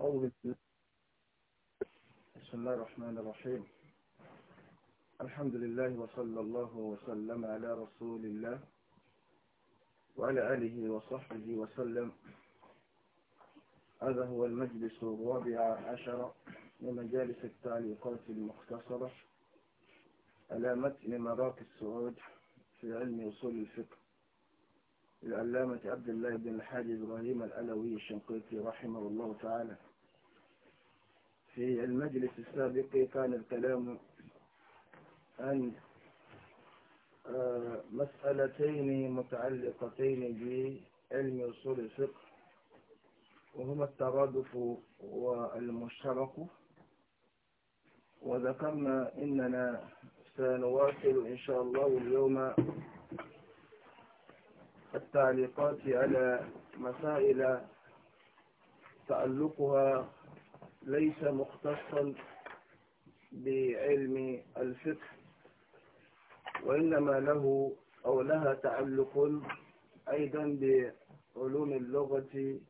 أول بسم الله الرحمن الرحيم الحمد لله وصلى الله وسلم على رسول الله وعلى آله وصحبه وسلم هذا هو المجلس الرابع عشر من مجالس التعليقات المختصرة على متن مراكز السعود في علم أصول الفقه للعلامة عبد الله بن الحاج إبراهيم الألوي الشنقيطي رحمه الله تعالى في المجلس السابق كان الكلام عن آه، مسألتين متعلقتين بعلم أصول الفقه وهما الترادف والمشترك وذكرنا إننا سنواصل إن شاء الله اليوم التعليقات على مسائل تعلقها ليس مختصا بعلم الفقه وإنما له أو لها تعلق أيضا بعلوم اللغة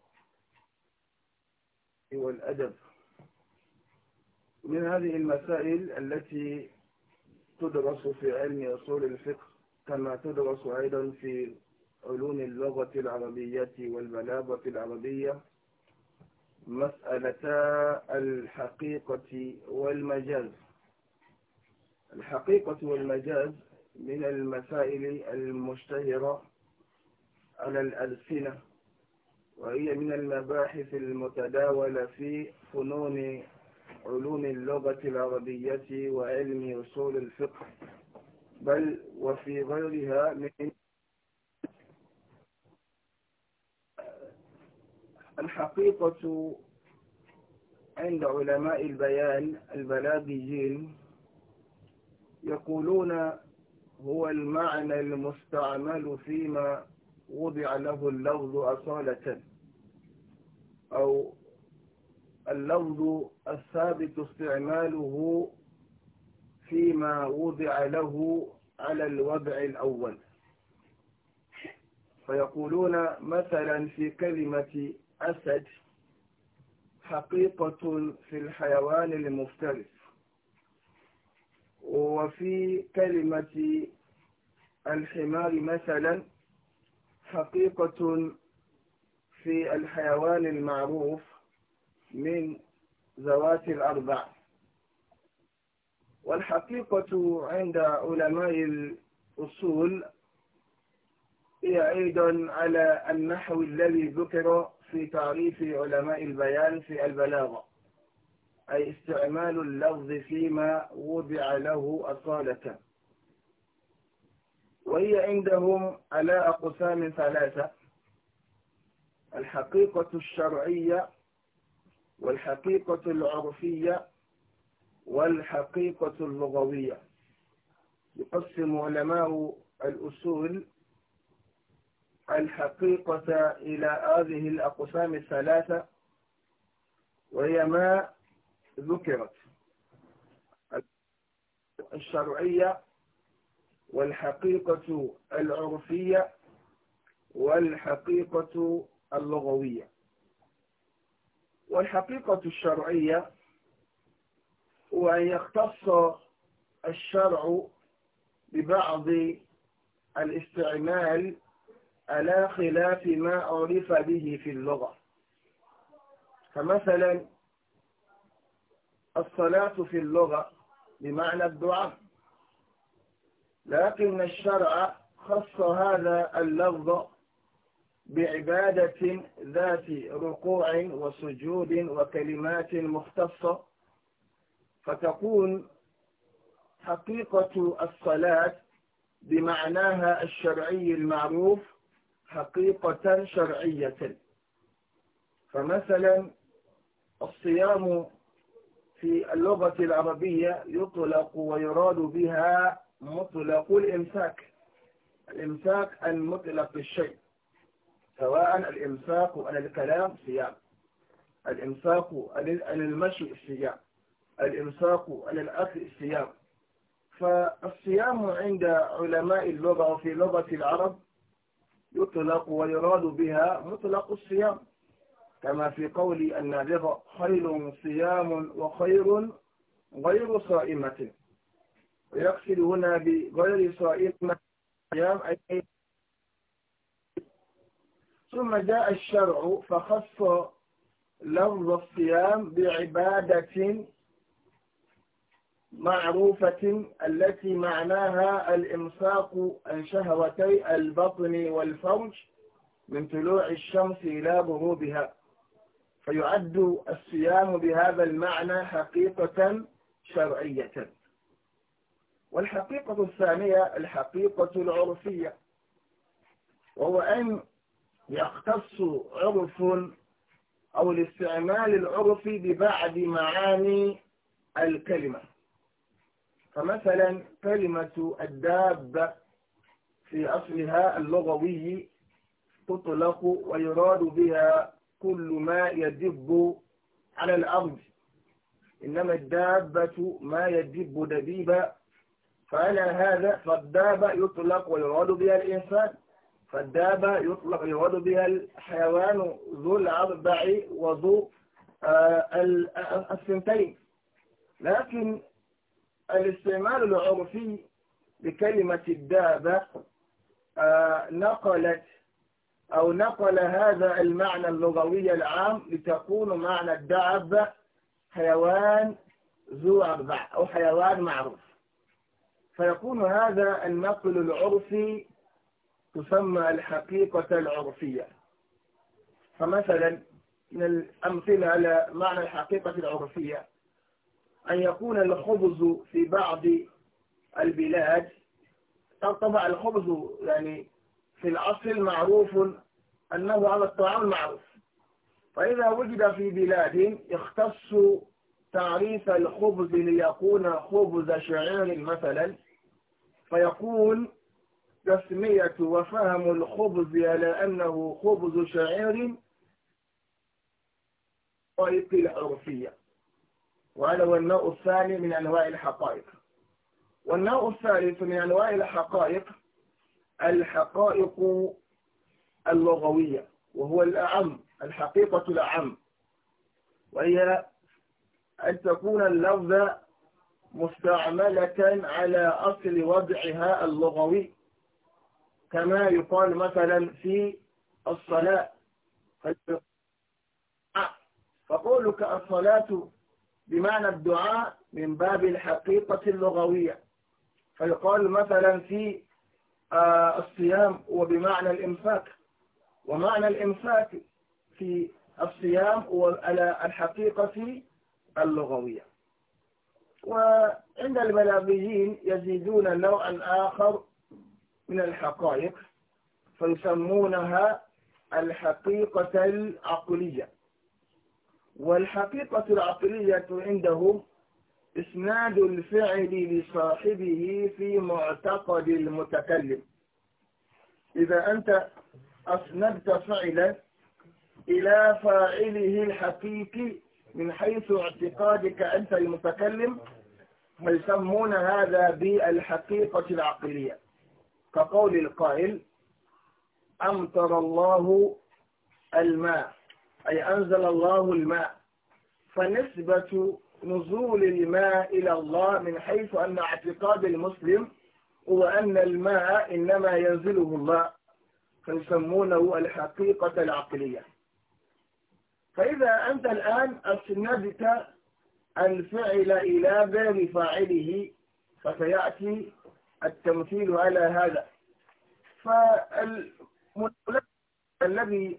والأدب من هذه المسائل التي تدرس في علم أصول الفقه كما تدرس أيضا في علوم اللغة العربية والبلاغة العربية مسألتا الحقيقة والمجاز الحقيقة والمجاز من المسائل المشتهرة على الألسنة وهي من المباحث المتداولة في فنون علوم اللغة العربية وعلم أصول الفقه بل وفي غيرها من الحقيقة عند علماء البيان البلاغيين يقولون هو المعنى المستعمل فيما وضع له اللفظ أصالة أو اللفظ الثابت استعماله فيما وضع له على الوضع الأول فيقولون مثلا في كلمة الأسد حقيقة في الحيوان المفترس وفي كلمة الحمار مثلا حقيقة في الحيوان المعروف من ذوات الأربع والحقيقة عند علماء الأصول هي أيضا على النحو الذي ذكر في تعريف علماء البيان في البلاغة أي استعمال اللفظ فيما وضع له أصالة وهي عندهم على أقسام ثلاثة الحقيقة الشرعية والحقيقة العرفية والحقيقة اللغوية يقسم علماء الأصول الحقيقة إلى هذه الأقسام الثلاثة وهي ما ذكرت الشرعية والحقيقة العرفية والحقيقة اللغوية والحقيقة الشرعية هو أن يختص الشرع ببعض الاستعمال على خلاف ما عرف به في اللغة فمثلا الصلاة في اللغة بمعنى الدعاء لكن الشرع خص هذا اللفظ بعبادة ذات ركوع وسجود وكلمات مختصة فتكون حقيقة الصلاة بمعناها الشرعي المعروف حقيقة شرعية فمثلا الصيام في اللغة العربية يطلق ويراد بها مطلق الإمساك الإمساك المطلق الشيء سواء الإمساك عن الكلام صيام الإمساك عن المشي صيام الإمساك عن الأكل صيام فالصيام عند علماء اللغة وفي لغة العرب يطلق ويراد بها مطلق الصيام كما في قول النابغة خير صيام وخير غير صائمة ويقصد هنا بغير صائمة صيام أي ثم جاء الشرع فخص لفظ الصيام بعبادة معروفة التي معناها الإمساق عن شهوتي البطن والفرج من طلوع الشمس إلى غروبها فيعد الصيام بهذا المعنى حقيقة شرعية والحقيقة الثانية الحقيقة العرفية وهو أن يختص عرف أو الاستعمال العرفي ببعض معاني الكلمة فمثلا كلمة الدابة في أصلها اللغوي تطلق ويراد بها كل ما يدب على الأرض إنما الدابة ما يدب دبيبا فعلى هذا فالدابة يطلق ويراد بها الإنسان فالدابة يطلق ويراد بها الحيوان ذو الأربع وذو آه، السنتين لكن الاستعمال العرفي لكلمة الدابة آه، نقلت أو نقل هذا المعنى اللغوي العام لتكون معنى الدابة حيوان ذو أربع أو حيوان معروف فيكون هذا النقل العرفي تسمى الحقيقة العرفية فمثلا من الأمثلة على معنى الحقيقة العرفية أن يكون الخبز في بعض البلاد طبعا الخبز يعني في الأصل معروف أنه على الطعام معروف فإذا وجد في بلاد يختص تعريف الخبز ليكون خبز شعير مثلا فيكون تسمية وفهم الخبز على أنه خبز شعير طريق العرفية وهذا هو النوع الثاني من أنواع الحقائق والنوع الثالث من أنواع الحقائق الحقائق اللغوية وهو الأعم الحقيقة الأعم وهي أن تكون اللفظة مستعملة على أصل وضعها اللغوي كما يقال مثلا في الصلاة فقولك الصلاة بمعنى الدعاء من باب الحقيقة اللغوية فيقال مثلا في آه، الصيام وبمعنى الإنفاق ومعنى الإنفاق في الصيام وعلى الحقيقة اللغوية وعند البلاغيين يزيدون نوعا آخر من الحقائق فيسمونها الحقيقة العقلية والحقيقة العقلية عندهم إسناد الفعل لصاحبه في معتقد المتكلم إذا أنت أسندت فعلا إلى فاعله الحقيقي من حيث اعتقادك أنت المتكلم فيسمون هذا بالحقيقة العقلية كقول القائل أمطر الله الماء أي أنزل الله الماء فنسبة نزول الماء إلى الله من حيث أن اعتقاد المسلم هو أن الماء إنما ينزله الله فيسمونه الحقيقة العقلية فإذا أنت الآن أسندت الفعل إلى غير فاعله فسيأتي التمثيل على هذا الذي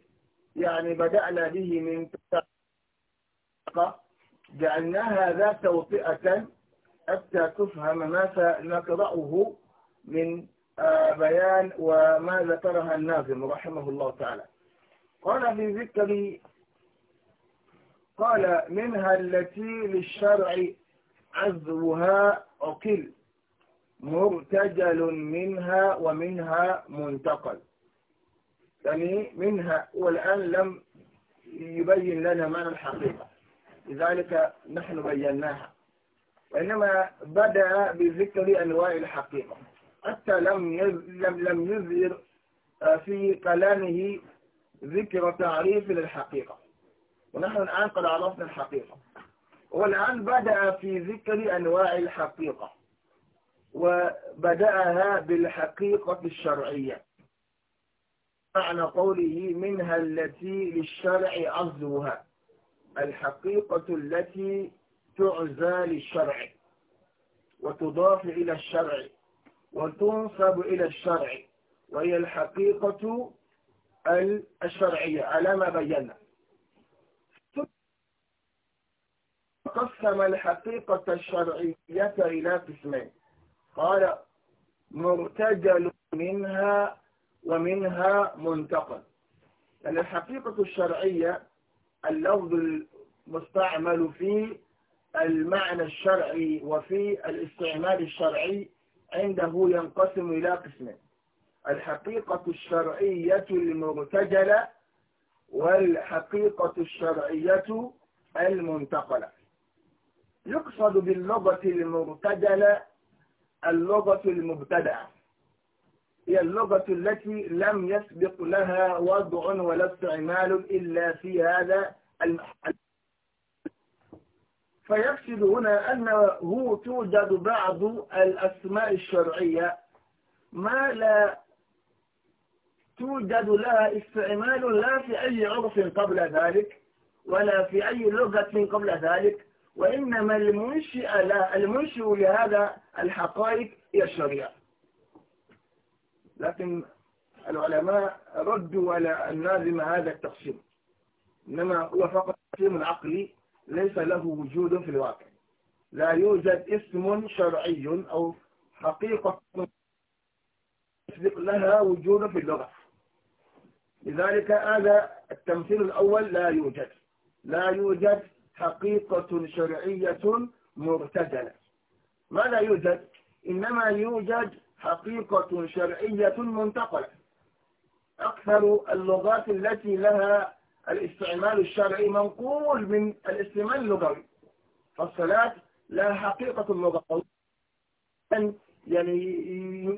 يعني بدأنا به من الحق جعلناها ذا توطئة حتى تفهم ما سنقرأه من آه، بيان وما ذكرها الناظم رحمه الله تعالى قال في ذكر قال منها التي للشرع عذرها عقل مرتجل منها ومنها منتقل يعني منها والآن لم يبين لنا معنى الحقيقة لذلك نحن بيناها وإنما بدأ بذكر أنواع الحقيقة حتى لم لم لم يظهر آه، في كلامه ذكر تعريف للحقيقة ونحن الآن قد عرفنا الحقيقة والآن بدأ في ذكر أنواع الحقيقة وبدأها بالحقيقة الشرعية معنى قوله منها التي للشرع عزوها الحقيقة التي تعزى للشرع وتضاف إلى الشرع وتنصب إلى الشرع وهي الحقيقة الشرعية على ما بينا قسم الحقيقة الشرعية إلى قسمين قال مرتجل منها ومنها منتقل يعني الحقيقة الشرعية اللفظ المستعمل في المعنى الشرعي وفي الاستعمال الشرعي عنده ينقسم إلى قسمين الحقيقة الشرعية المرتجلة والحقيقة الشرعية المنتقلة يقصد باللغة المرتجلة اللغة المبتدعة هي اللغة التي لم يسبق لها وضع ولا استعمال إلا في هذا المحل فيقصد هنا أنه توجد بعض الأسماء الشرعية ما لا توجد لها استعمال لا في أي عرف قبل ذلك ولا في أي لغة قبل ذلك وإنما المنشئ لهذا الحقائق هي الشريعة لكن العلماء ردوا على النازم هذا التقسيم إنما هو فقط تقسيم عقلي ليس له وجود في الواقع لا يوجد اسم شرعي أو حقيقة يسبق لها وجود في اللغة لذلك هذا التمثيل الأول لا يوجد لا يوجد حقيقة شرعية مرتجلة ماذا يوجد؟ إنما يوجد إنما يوجد حقيقة شرعية منتقلة أكثر اللغات التي لها الاستعمال الشرعي منقول من الاستعمال اللغوي فالصلاة لها حقيقة لغوية أن يعني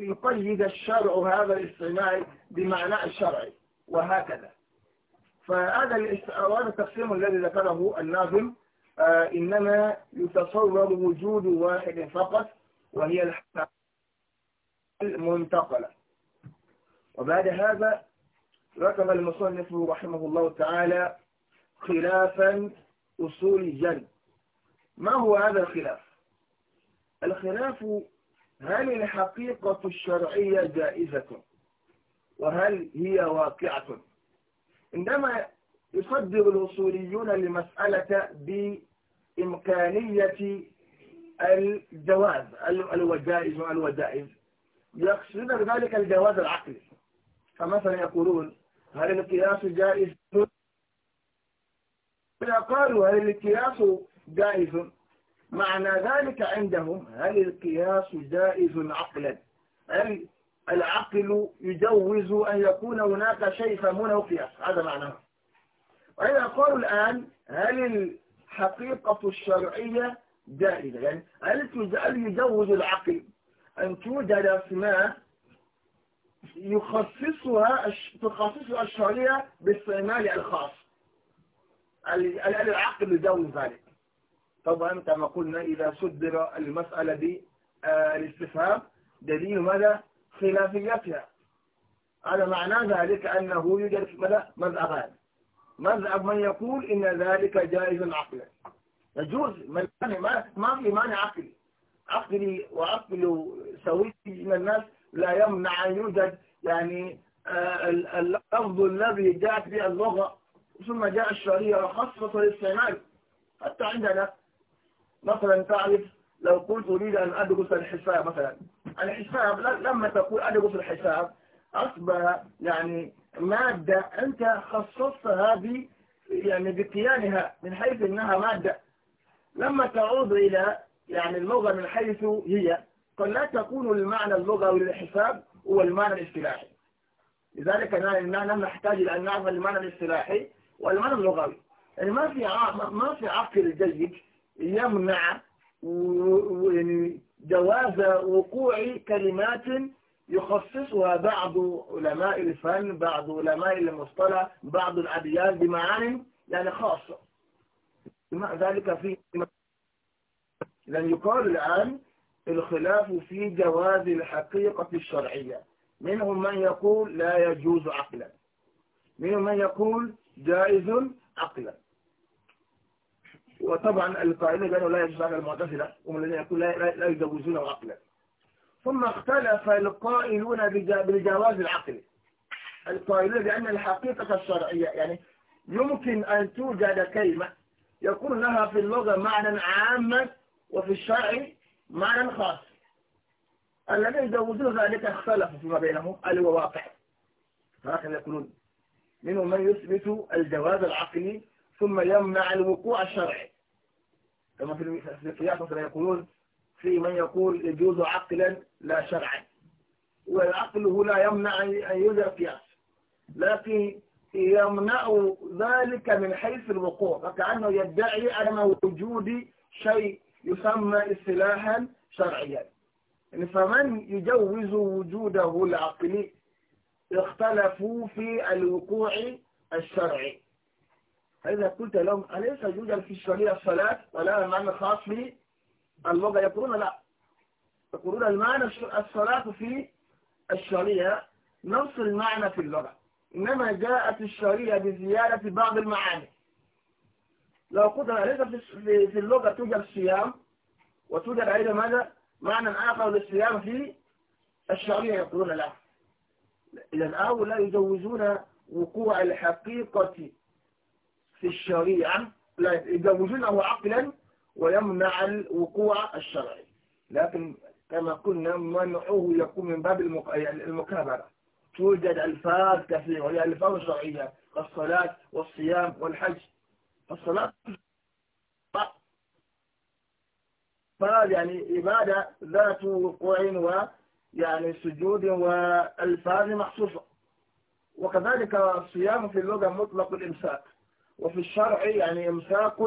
يقيد الشرع هذا الاستعمال بمعنى الشرعي وهكذا فهذا الاستعراض التقسيم الذي ذكره الناظم آه، إنما يتصور وجود واحد فقط وهي الحقيقة المنتقلة وبعد هذا ركب المصنف رحمه الله تعالى خلافا أصول الجن ما هو هذا الخلاف الخلاف هل الحقيقة الشرعية جائزة وهل هي واقعة عندما يصدر الوصوليون لمسألة بإمكانية الجواز الوجائز والوجائز يقصدون بذلك الجواز العقلي فمثلا يقولون هل القياس جائز إذا قالوا هل القياس جائز معنى ذلك عندهم هل القياس جائز عقلا هل العقل يجوز أن يكون هناك شيء يسمونه قياس هذا معناه وإذا قالوا الآن هل الحقيقة الشرعية جائزة يعني هل يجوز العقل أن توجد أسماء يخصصها تخصصها الشريعة باستعمال الخاص العقل يدون ذلك طبعا كما قلنا إذا صدر المسألة بالاستفهام آه، دليل مدى خلافيتها على معنى ذلك أنه يوجد مدى مذهبان مذهب من يقول إن ذلك جائز عقلا يجوز ما في مانع عقلي عقلي وعقل سوي من الناس لا يمنع أن يوجد يعني آه، اللفظ الذي جاءت به اللغة ثم جاء الشريعة خاصة للسماج حتى عندنا مثلا تعرف لو قلت أريد أن أدرس الحساب مثلا الحساب لما تقول أدرس الحساب أصبح يعني مادة أنت خصصتها ب يعني بكيانها من حيث أنها مادة لما تعود إلى يعني اللغة من حيث هي قد لا تكون المعنى اللغوي للحساب هو المعنى الاصطلاحي لذلك نحن نحتاج إلى أن نعرف المعنى الاصطلاحي والمعنى اللغوي يعني ما في ما في عقل جيد يمنع يعني جواز وقوع كلمات يخصصها بعض علماء الفن بعض علماء المصطلح بعض الأديان بمعان يعني خاصة مع ذلك في إذا يقال الآن الخلاف في جواز الحقيقة الشرعية منهم من يقول لا يجوز عقلا منهم من يقول جائز عقلا وطبعا القائلين بأنه لا يجوز عقلا المعتزلة هم الذين يقول لا, لا يجوزونه عقلا ثم اختلف القائلون بجواز العقل القائلون بأن الحقيقة الشرعية يعني يمكن أن توجد كلمة يكون لها في اللغة معنى عاما وفي الشرع معنى خاص الذين يزودون ذلك اختلفوا فيما بينهم هل هو واقع هكذا يقولون منهم من يثبت الجواز العقلي ثم يمنع الوقوع الشرعي كما في القياس مثلا يقولون في من يقول يجوز عقلا لا شرعا والعقل هنا يمنع أن يوجد قياس لكن يمنع ذلك من حيث الوقوع فكأنه يدعي عدم وجود شيء يسمى اصطلاحا شرعيا يعني فمن يجوز وجوده العقلي اختلفوا في الوقوع الشرعي فإذا قلت لهم أليس يوجد في الشريعة الصلاة ولا معنى خاص في اللغة يقولون لا يقولون المعنى الصلاة في الشريعة نفس المعنى في اللغة إنما جاءت الشريعة بزيادة بعض المعاني لو قلنا ليس في اللغة توجد الصيام وتوجد أيضا ماذا معنى آخر للصيام في الشرعية يقولون لا إذا هؤلاء يجوزون وقوع الحقيقة في الشريعة لا يجوزونه عقلا ويمنع الوقوع الشرعي لكن كما قلنا منعه يكون من باب يعني المكابرة توجد ألفاظ كثيرة وهي ألفاظ شرعية كالصلاة والصيام والحج الصلاة فهذا يعني إبادة ذات وقوع ويعني سجود وألفاظ محصوصة وكذلك الصيام في اللغة مطلق الإمساك وفي الشرع يعني إمساك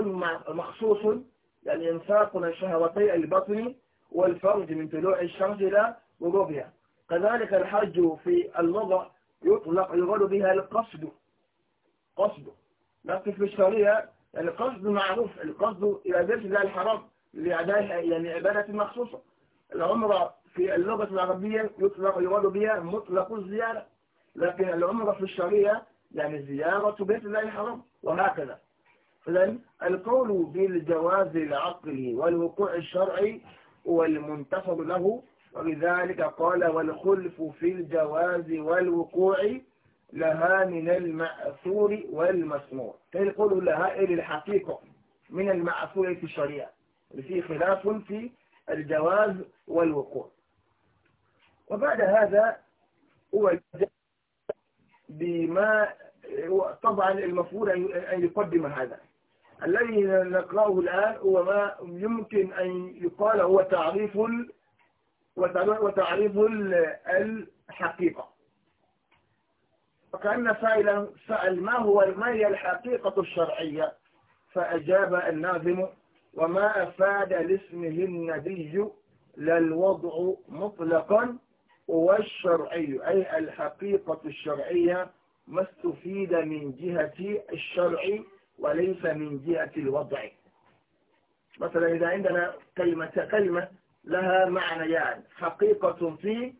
مخصوص يعني إمساك الشهوتي البطن والفرج من طلوع الشمس إلى غروبها كذلك الحج في اللغة يطلق يقال بها القصد قصد لكن في الشريعة القصد معروف القصد إلى ذلك لا الحرام لأداء يعني عبادة مخصوصة العمرة في اللغة العربية يطلق يراد بها مطلق الزيارة لكن العمرة في الشريعة يعني زيارة بيت الله الحرام وهكذا إذن القول بالجواز العقلي والوقوع الشرعي هو المنتصر له ولذلك قال والخلف في الجواز والوقوع لها من المأثور والمسموع تقول لها إلي إيه الحقيقة من المأثور في الشريعة في خلاف في الجواز والوقوع وبعد هذا هو بما طبعا المفروض أن يقدم هذا الذي نقرأه الآن هو ما يمكن أن يقال هو تعريف وتعريف الحقيقة وكأن سائلا سأل ما هو ما هي الحقيقة الشرعية فأجاب الناظم وما أفاد لاسمه النبي لا الوضع مطلقا والشرعي أي الحقيقة الشرعية ما استفيد من جهة الشرع وليس من جهة الوضع مثلا إذا عندنا كلمة كلمة لها معنيان يعني حقيقة في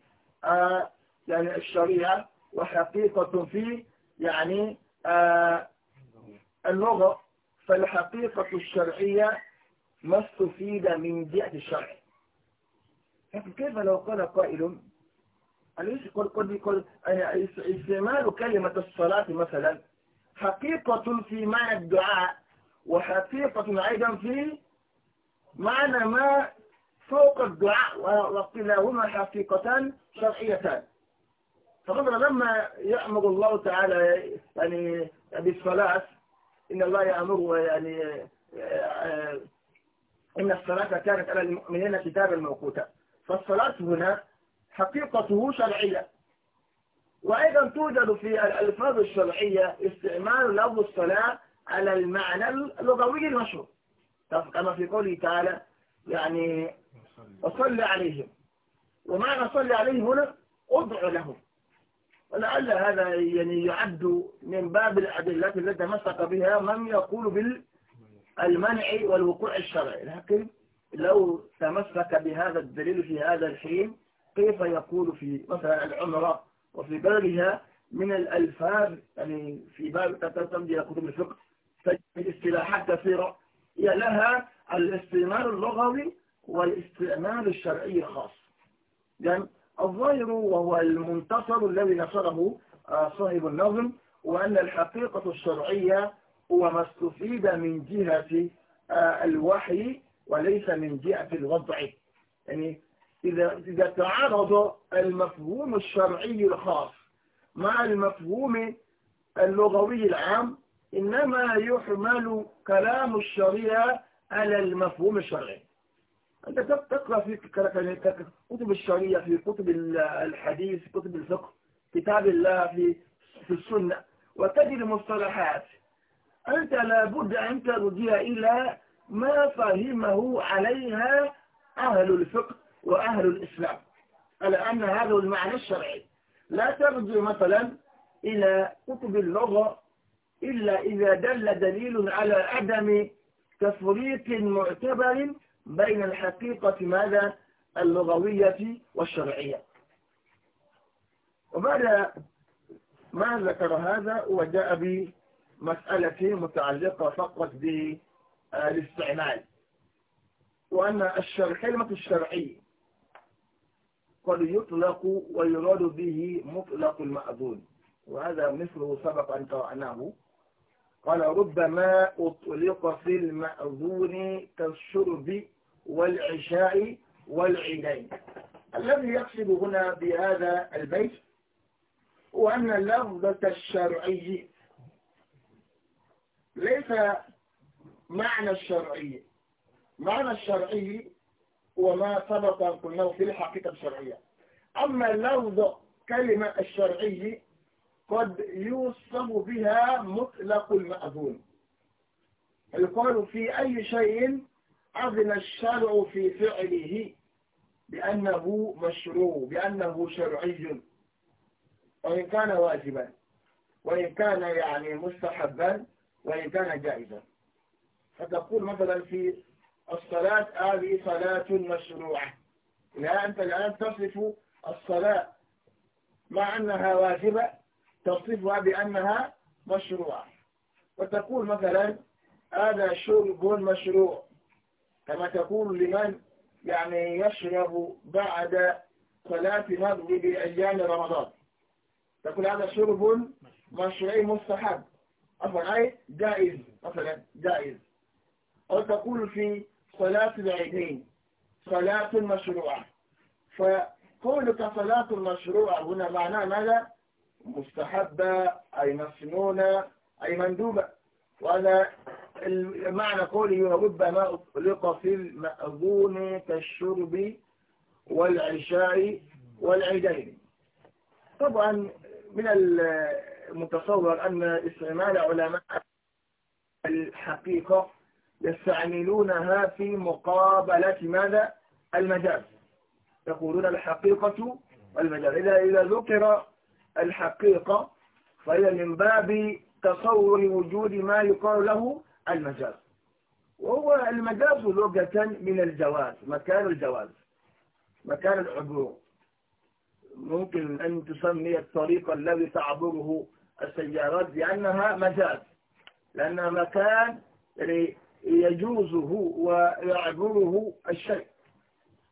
آه، يعني الشريعة وحقيقة في يعني آه، اللغة فالحقيقة الشرعية ما استفيد من جهة الشرع لكن كيف لو قال قائل أليس قل قد يقول يعني استعمال كلمة الصلاة مثلا حقيقة في معنى الدعاء وحقيقة أيضا في معنى ما فوق الدعاء وكلاهما حقيقتان شرعيتان فقدر لما يأمر الله تعالى يعني بالصلاة إن الله يأمر يعني آه، آه، إن الصلاة كانت على المؤمنين كتابا موقوتا فالصلاة هنا حقيقته شرعية وأيضا توجد في الألفاظ الشرعية استعمال لفظ الصلاة على المعنى اللغوي المشهور كما في قوله تعالى يعني وصلي عليهم ومعنى صلي عليهم هنا ادعو لهم ولعل هذا يعني يعد من باب الأدلة التي مسك بها من يقول بالمنع والوقوع الشرعي لكن لو تمسك بهذا الدليل في هذا الحين كيف يقول في مثلا العمرة وفي غيرها من الألفاظ يعني في باب تتمدي كتب الفقه تجد اصطلاحات كثيرة هي لها الاستعمال اللغوي والاستعمال الشرعي الخاص يعني الظاهر وهو المنتصر الذي نشره آه، صاحب النظم وأن الحقيقة الشرعية هو ما استفيد من جهة آه، الوحي وليس من جهة الوضع يعني إذا, إذا تعارض المفهوم الشرعي الخاص مع المفهوم اللغوي العام إنما يحمل كلام الشريعة على المفهوم الشرعي أنت تقرأ في يعني كتب الشريعة في كتب الحديث في كتب الفقه كتاب الله في في السنة وتجد مصطلحات أنت لابد أن ترجع إلى ما فهمه عليها أهل الفقه وأهل الإسلام على أن هذا المعنى الشرعي لا ترجع مثلا إلى كتب اللغة إلا إذا دل دليل على عدم تفريق معتبر بين الحقيقة ماذا اللغوية والشرعية وبعد ما ذكر هذا وجاء بمسألة متعلقة فقط بالاستعمال وأن الشرع كلمة الشرعي قد يطلق ويراد به مطلق المأذون وهذا مثله سبق أن قرأناه قال ربما أطلق في المأذون كالشرب والعشاء والعيدين الذي يقصد هنا بهذا البيت هو أن اللفظة الشرعي ليس معنى الشرعي معنى الشرعي هو ما سبق أن قلناه في الحقيقة الشرعية أما لفظ كلمة الشرعي قد يوصف بها مطلق المأذون القول في أي شيء أذن الشرع في فعله بأنه مشروع بأنه شرعي وإن كان واجبا وإن كان يعني مستحبا وإن كان جائزا فتقول مثلا في الصلاة هذه صلاة مشروعة لا أنت الآن تصف الصلاة مع أنها واجبة تصفها بأنها مشروعة وتقول مثلا هذا شرب مشروع كما تقول لمن يعني يشرب بعد صلاة مغرب أيام رمضان تقول هذا شرب مشروعي مستحب أفضل أي جائز مثلا جائز أو تقول في صلاة العيدين صلاة مشروعة فقولك صلاة مشروعة هنا معناه ماذا؟ مستحبة أي مسنونة أي مندوبة وهذا معنى قوله وربما أطلق في المأذون كالشرب والعشاء والعيدين طبعا من المتصور أن استعمال علماء الحقيقة يستعملونها في مقابلة ماذا؟ المجاز يقولون الحقيقة والمجاز إذا إذا ذكر الحقيقة فهي من باب تصور وجود ما يقال له المجاز وهو المجاز لغة من الجواز مكان الجواز مكان العبور ممكن أن تسمي الطريق الذي تعبره السيارات بأنها مجاز لأنها مكان يجوزه ويعبره الشيء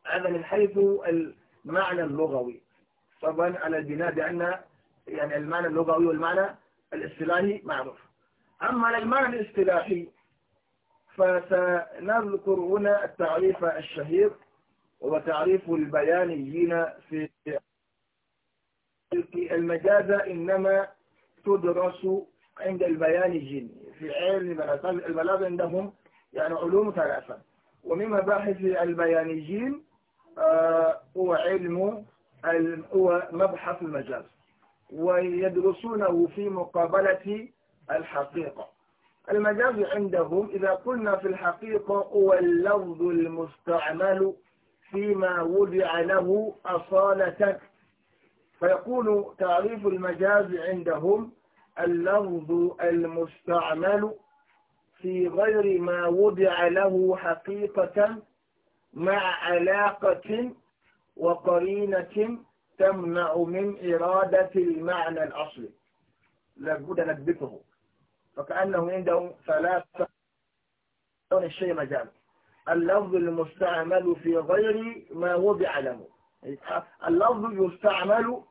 هذا من حيث المعنى اللغوي طبعا على البناء بأن يعني المعنى اللغوي والمعنى الاصطلاحي معروف أما المعنى الاصطلاحي فسنذكر هنا التعريف الشهير وتعريف البيانيين في المجاز إنما تدرس عند البيانيين في علم البلاغ عندهم يعني علوم ثلاثة ومن مباحث البيانيين آه هو علم هو مبحث المجاز ويدرسونه في مقابلة الحقيقة المجاز عندهم إذا قلنا في الحقيقة هو اللفظ المستعمل فيما وضع له أصالة فيكون تعريف المجاز عندهم اللفظ المستعمل في غير ما وضع له حقيقة مع علاقة وقرينة تمنع من إرادة المعنى الأصلي لابد نثبته فكأنه عنده ثلاثة دون الشيء مجال اللفظ المستعمل في غير ما وضع له اللفظ يستعمل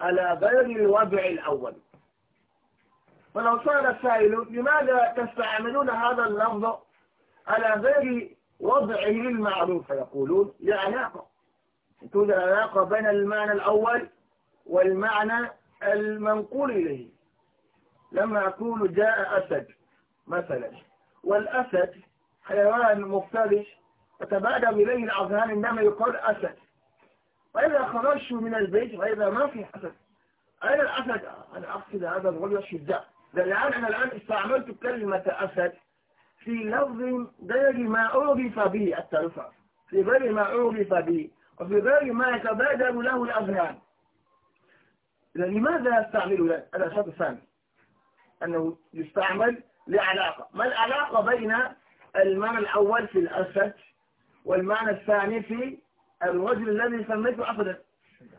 على غير الوضع الأول فلو سأل السائل لماذا تستعملون هذا اللفظ على غير وضعه المعروف فيقولون لعلاقة توجد علاقة بين المعنى الأول والمعنى المنقول إليه لما أقول جاء أسد مثلا والأسد حيوان مفترش تتبادر إليه الأذهان إنما يقال أسد وإذا خرجت من البيت وإذا ما في أسد أين الأسد؟ أنا أقصد هذا الغلية الشداء لأن أنا الآن استعملت كلمة أسد في لفظ غير ما عرف به التلفظ في غير ما عرف به وفي غير ما يتبادر له الأذهان لماذا أستعمل هذا الثاني أنه يستعمل لعلاقة ما العلاقة بين المعنى الأول في الأسد والمعنى الثاني في الرجل الذي سميته أسدا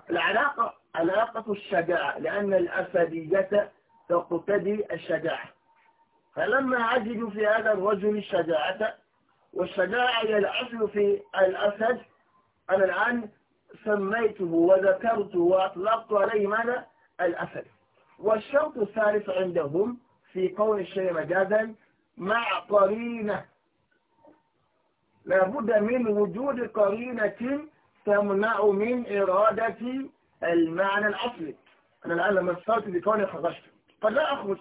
العلاقة علاقة الشجاعة لأن الأسدية تقتدي الشجاعة فلما أجد في هذا الرجل الشجاعة والشجاعة هي الأصل في الأسد أنا الآن سميته وذكرته وأطلقت عليه ماذا؟ الأسد والشرط الثالث عندهم في قول الشيء مجازا مع قرينة لابد من وجود قرينة تمنع من إرادة المعنى الأصلي أنا الآن لما استرت بكوني خرجت قد لا أخرج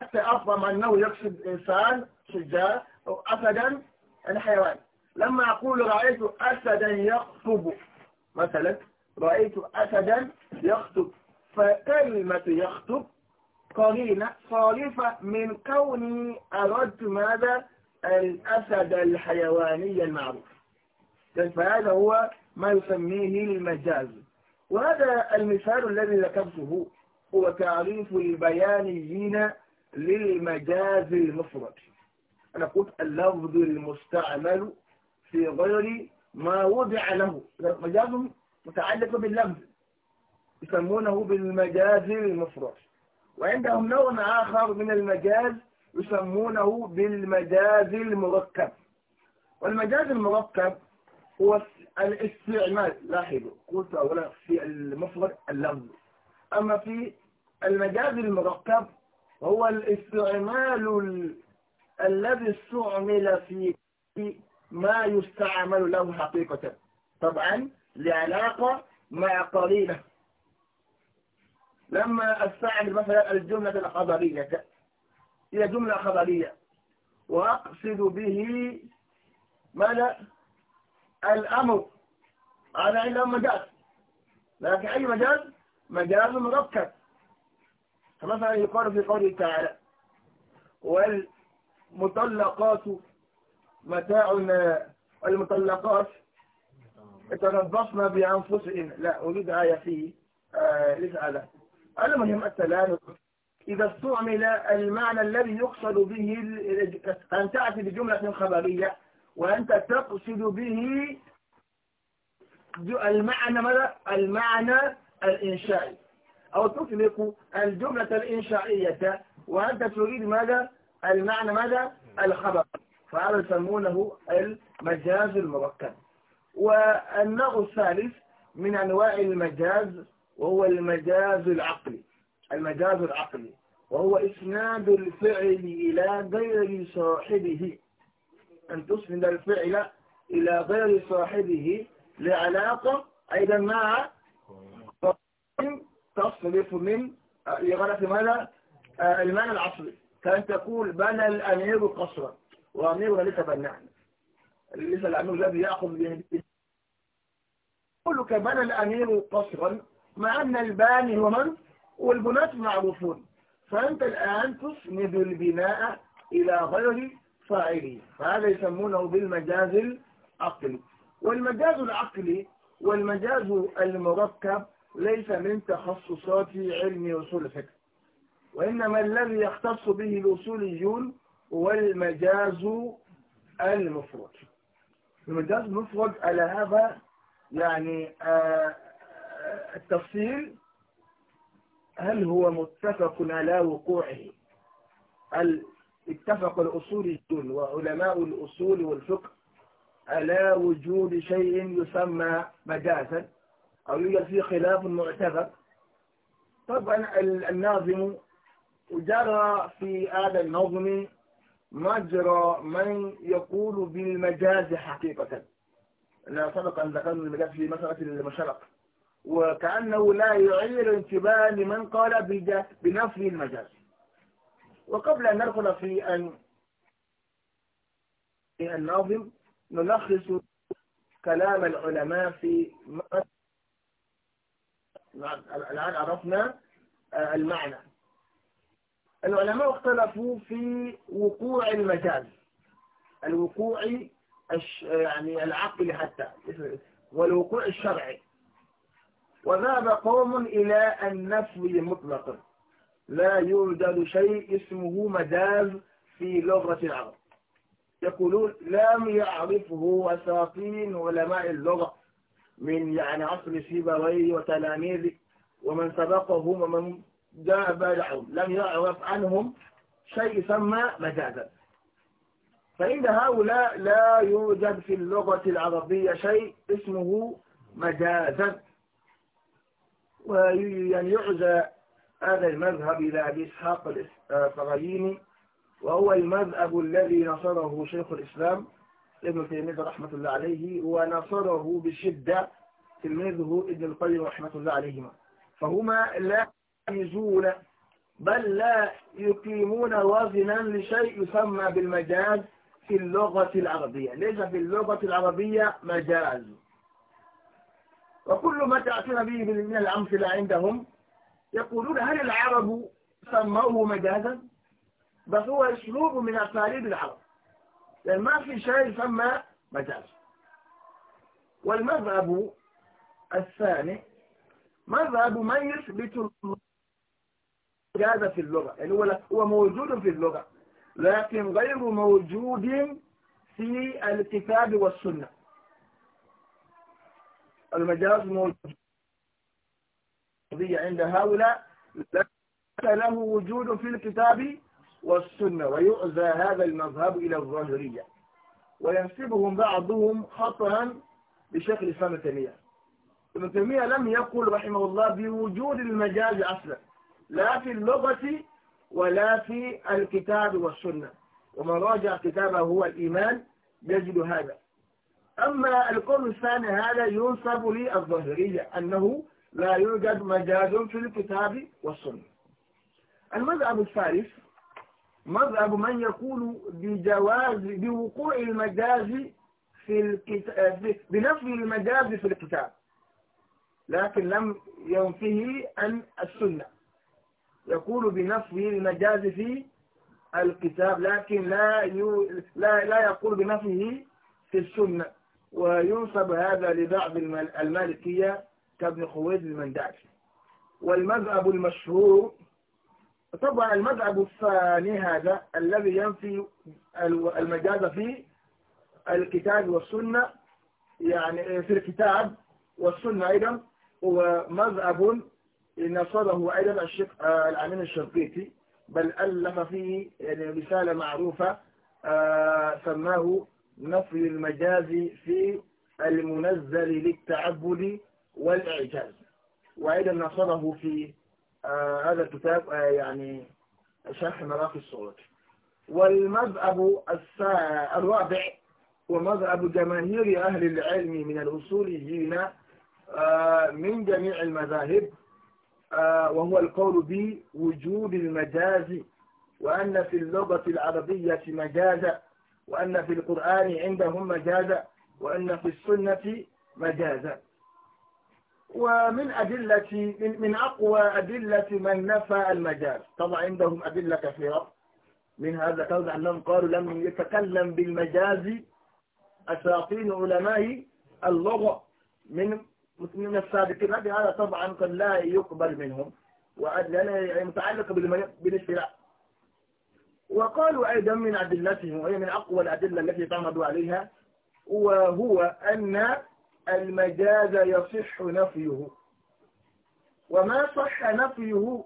حتى أفهم أنه يقصد إنسان شجاع أو أسدا الحيوان لما أقول رأيت أسدا يخطب مثلا رأيت أسدا يخطب فكلمة يخطب قرينة صالفة من كوني أردت ماذا الأسد الحيواني المعروف فهذا هو ما يسميه المجاز وهذا المثال الذي ذكرته هو تعريف البيانيين للمجاز المفرد أنا قلت اللفظ المستعمل في غير ما وضع له مجاز متعلق باللفظ يسمونه بالمجاز المفرد وعندهم نوع آخر من المجاز يسمونه بالمجاز المركب والمجاز المركب هو الاستعمال لاحظوا قلت أولا في المفرد اللفظ أما في المجاز المركب هو الاستعمال ال... الذي استعمل في ما يستعمل له حقيقة طبعا لعلاقة مع قرينة لما استعمل مثلا الجملة الخبرية هي جملة خبرية وأقصد به ماذا الأمر أن إلا مجاز لكن أي مجاز مجاز مركب فمثلا يقال في قوله تعالى والمطلقات متاع المطلقات يتربصن بأنفسهن لا أريد آية فيه آه ليس هذا آية. المهم التلامس إذا استعمل المعنى الذي يقصد به أن تأتي بجملة خبرية وأنت تقصد به المعنى ماذا؟ المعنى الإنشائي أو تطلق الجملة الإنشائية وأنت تريد ماذا؟ المعنى ماذا؟ الخبر فهذا يسمونه المجاز المركب والنوع الثالث من أنواع المجاز وهو المجاز العقلي المجاز العقلي وهو إسناد الفعل إلى غير صاحبه أن تسند الفعل إلى غير صاحبه لعلاقة أيضا مع تصرف من لغرض ماذا المال العصري كان تقول بنى الأمير قصرا وأميرنا ليس بناء ليس الأمير الذي يأخذ به كله بنى الأمير قصرا مع أن الباني هو من والبنات معروفون فأنت الآن تسند البناء إلى غير فاعله فهذا يسمونه بالمجاز العقلي والمجاز العقلي والمجاز المركب ليس من تخصصات علم أصول الفقه وإنما الذي يختص به الأصوليون هو المجاز المفرد المجاز المفرد على هذا يعني آه التفصيل هل هو متفق على وقوعه هل اتفق الأصوليون وعلماء الأصول والفقه على وجود شيء يسمى مجازا أو يوجد فيه خلاف معتبر طبعا الناظم جرى في هذا النظم مجرى من يقول بالمجاز حقيقة لا سبق أن ذكرنا المجاز في مسألة المشرق وكأنه لا يعير انتباه لمن قال بنفي المجاز وقبل أن ندخل في أن الناظم نلخص كلام العلماء في الآن عرفنا آه، المعنى العلماء اختلفوا في وقوع المجاز الوقوع يعني العقلي حتى والوقوع الشرعي وذهب قوم إلى النفي مطلقا لا يوجد شيء اسمه مجاز في لغة العرب يقولون لم يعرفه أساطين علماء اللغة من يعني عصر سيبويه وتلاميذه ومن سبقهم ومن جاء بعدهم لم يعرف عنهم شيء يسمى مجازا فإن هؤلاء لا يوجد في اللغة العربية شيء اسمه مجازا ويعزى يعزى هذا المذهب إلى أبي إسحاق الفراييني وهو المذهب الذي نصره شيخ الإسلام ابن تيمية رحمة الله عليه ونصره بشدة تلميذه ابن القيم رحمة الله عليهما فهما لا يزول بل لا يقيمون وزنا لشيء يسمى بالمجاز في اللغة العربية ليس في اللغة العربية مجاز وكل ما تأتون به من الأمثلة عندهم يقولون هل العرب سموه مجازا بس هو أسلوب من أساليب العرب لأن ما في شيء يسمى مجاز والمذهب الثاني مذهب من يثبت المجاز في اللغة يعني هو هو موجود في اللغة لكن غير موجود في الكتاب والسنة المجاز موجود عند هؤلاء ليس له وجود في الكتاب والسنة ويؤذى هذا المذهب إلى الظاهرية وينسبهم بعضهم خطرا بشكل سنة تيمية ابن تيمية لم يقل رحمه الله بوجود المجاز أصلا لا في اللغة ولا في الكتاب والسنة ومن راجع كتابه هو الإيمان يجد هذا أما القول الثاني هذا ينسب للظاهرية أنه لا يوجد مجاز في الكتاب والسنة المذهب الثالث مذهب من يقول بجواز بوقوع المجاز في الكتاب بنفي المجاز في الكتاب لكن لم ينفيه عن السنة يقول بنفي المجاز في الكتاب لكن لا لا لا يقول بنفيه في السنة وينسب هذا لبعض المالكية كابن خويد المندعشي والمذهب المشهور طبعا المذهب الثاني هذا الذي ينفي المجاز في الكتاب والسنة يعني في الكتاب والسنة أيضا هو مذهب نصره أيضا الشيخ آه، العامين الشرقيتي بل ألف فيه يعني رسالة معروفة آه، سماه نفي المجاز في المنزل للتعبد والإعجاز وأيضا نصره في آه هذا الكتاب آه يعني شرح مراقي الصوت والمذهب الرابع ومذهب جماهير أهل العلم من الأصوليين آه من جميع المذاهب آه، وهو القول بوجود المجاز وأن في اللغة العربية مجازا وأن في القرآن عندهم مجازا وأن في السنة مجازا ومن أدلة من أقوى أدلة من نفى المجاز طبعا عندهم أدلة كثيرة من هذا كون أنهم قالوا لم يتكلم بالمجاز أساطين علماء اللغة من من السابقين هذا طبعا قد لا يقبل منهم وأدلة يعني متعلقة بالاشتراء وقالوا أيضا من أدلتهم وهي من أقوى الأدلة التي تعمد عليها وهو أن المجاز يصح نفيه وما صح نفيه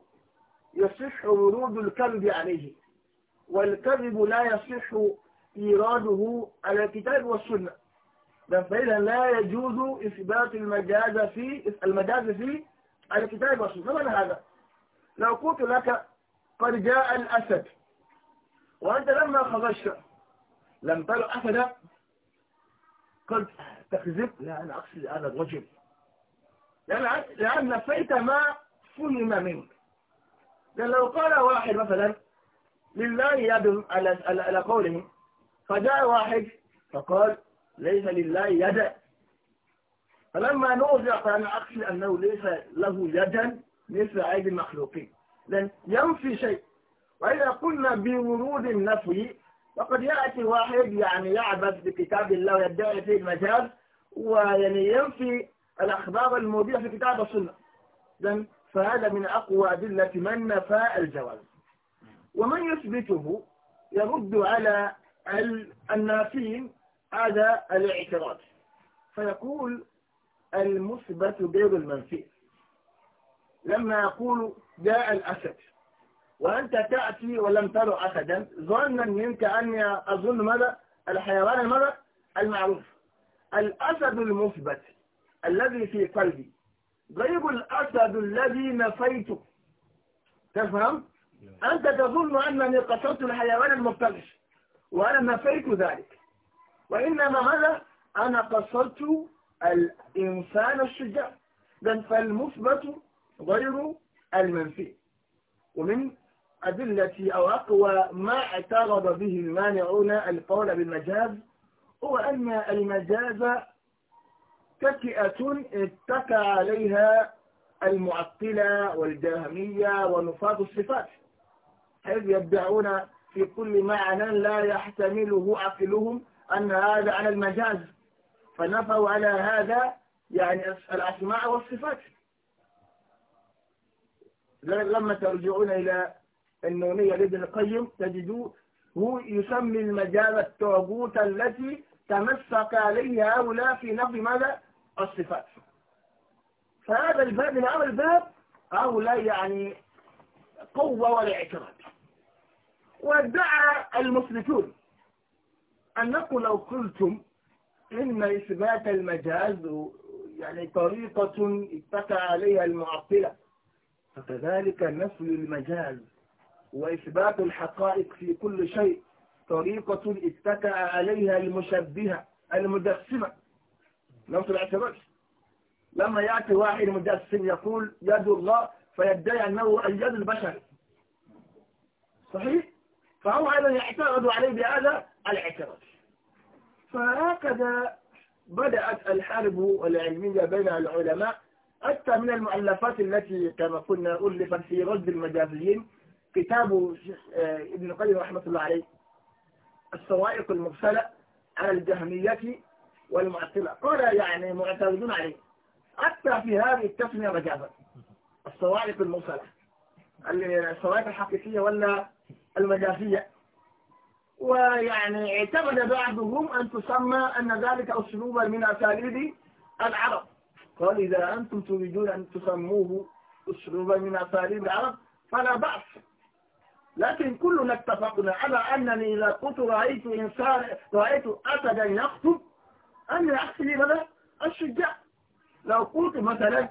يصح ورود الكذب عليه والكذب لا يصح إيراده على الكتاب والسنة فإذا لا يجوز إثبات المجاز في المجاز في الكتاب والسنة من هذا لو قلت لك قد جاء الأسد وأنت لما خرجت لم ترى أحدا قد تكذب لا أنا أقصد هذا الرجل لأن لأن نفيت ما فهم منك لأن لو قال واحد مثلا لله يد على قوله فجاء واحد فقال ليس لله يد فلما نوزع فأنا أقصد أنه ليس له يدا مثل عيد المخلوقين لأن ينفي شيء وإذا قلنا بورود النفي فقد يأتي واحد يعني يعبث بكتاب الله ويدعي فيه المجاز ويعني ينفي الأخبار الموجودة في كتاب السنة إذن فهذا من أقوى أدلة من نفى الجواز ومن يثبته يرد على النافين هذا الاعتراض فيقول المثبت غير المنفي لما يقول جاء الأسد وأنت تأتي ولم تر أحدا ظنا منك أني أظن ماذا الحيوان ماذا المعروف الأسد المثبت الذي في قلبي غير الأسد الذي نفيته تفهم؟ أنت تظن أنني قصرت الحيوان المفترس وأنا نفيت ذلك وإنما هذا أنا قصرت الإنسان الشجاع فالمثبت غير المنفي ومن أدلة أو أقوى ما اعترض به المانعون القول بالمجاز هو أن المجاز تكئة اتكى عليها المعطلة والجهمية ونفاذ الصفات حيث يدعون في كل معنى لا يحتمله عقلهم أن هذا على المجاز فنفوا على هذا يعني الأسماء والصفات لما ترجعون إلى النونية لابن القيم تجدوا هو يسمي المجال الطاغوت التي تمسك عليه هؤلاء في نفي ماذا؟ الصفات فهذا الباب من هذا الباب هؤلاء يعني قوة ولا اعتراض وادعى المثبتون أنكم لو قلتم إن إثبات المجاز يعني طريقة اتكى عليها المعطلة فكذلك نفي المجاز وإثبات الحقائق في كل شيء طريقة اتكأ عليها المشبهة المدسمة نفس الاعتراف لما يأتي واحد مدسم يقول يد الله فيدعي أنه اليد البشر صحيح؟ فهو أيضا يعترض عليه بهذا الاعتراف فهكذا بدأت الحرب العلمية بين العلماء حتى من المؤلفات التي كما قلنا ألفت في رد المجازيين كتاب آه، ابن القيم رحمة الله عليه السوائق المرسلة على الجهمية والمعطلة قال يعني معترضون عليه حتى في هذه التسمية رجابة السوائق المرسلة السوائق الحقيقية ولا المجازية ويعني اعتمد بعضهم أن تسمى أن ذلك أسلوبا من أساليب العرب قال إذا أنتم تريدون أن تسموه أسلوبا من أساليب العرب فلا بأس لكن كلنا اتفقنا على أنني إذا كنت رأيت إنسان رأيت أسدا يخطب أني أحسن ماذا؟ الشجاع لو قلت مثلا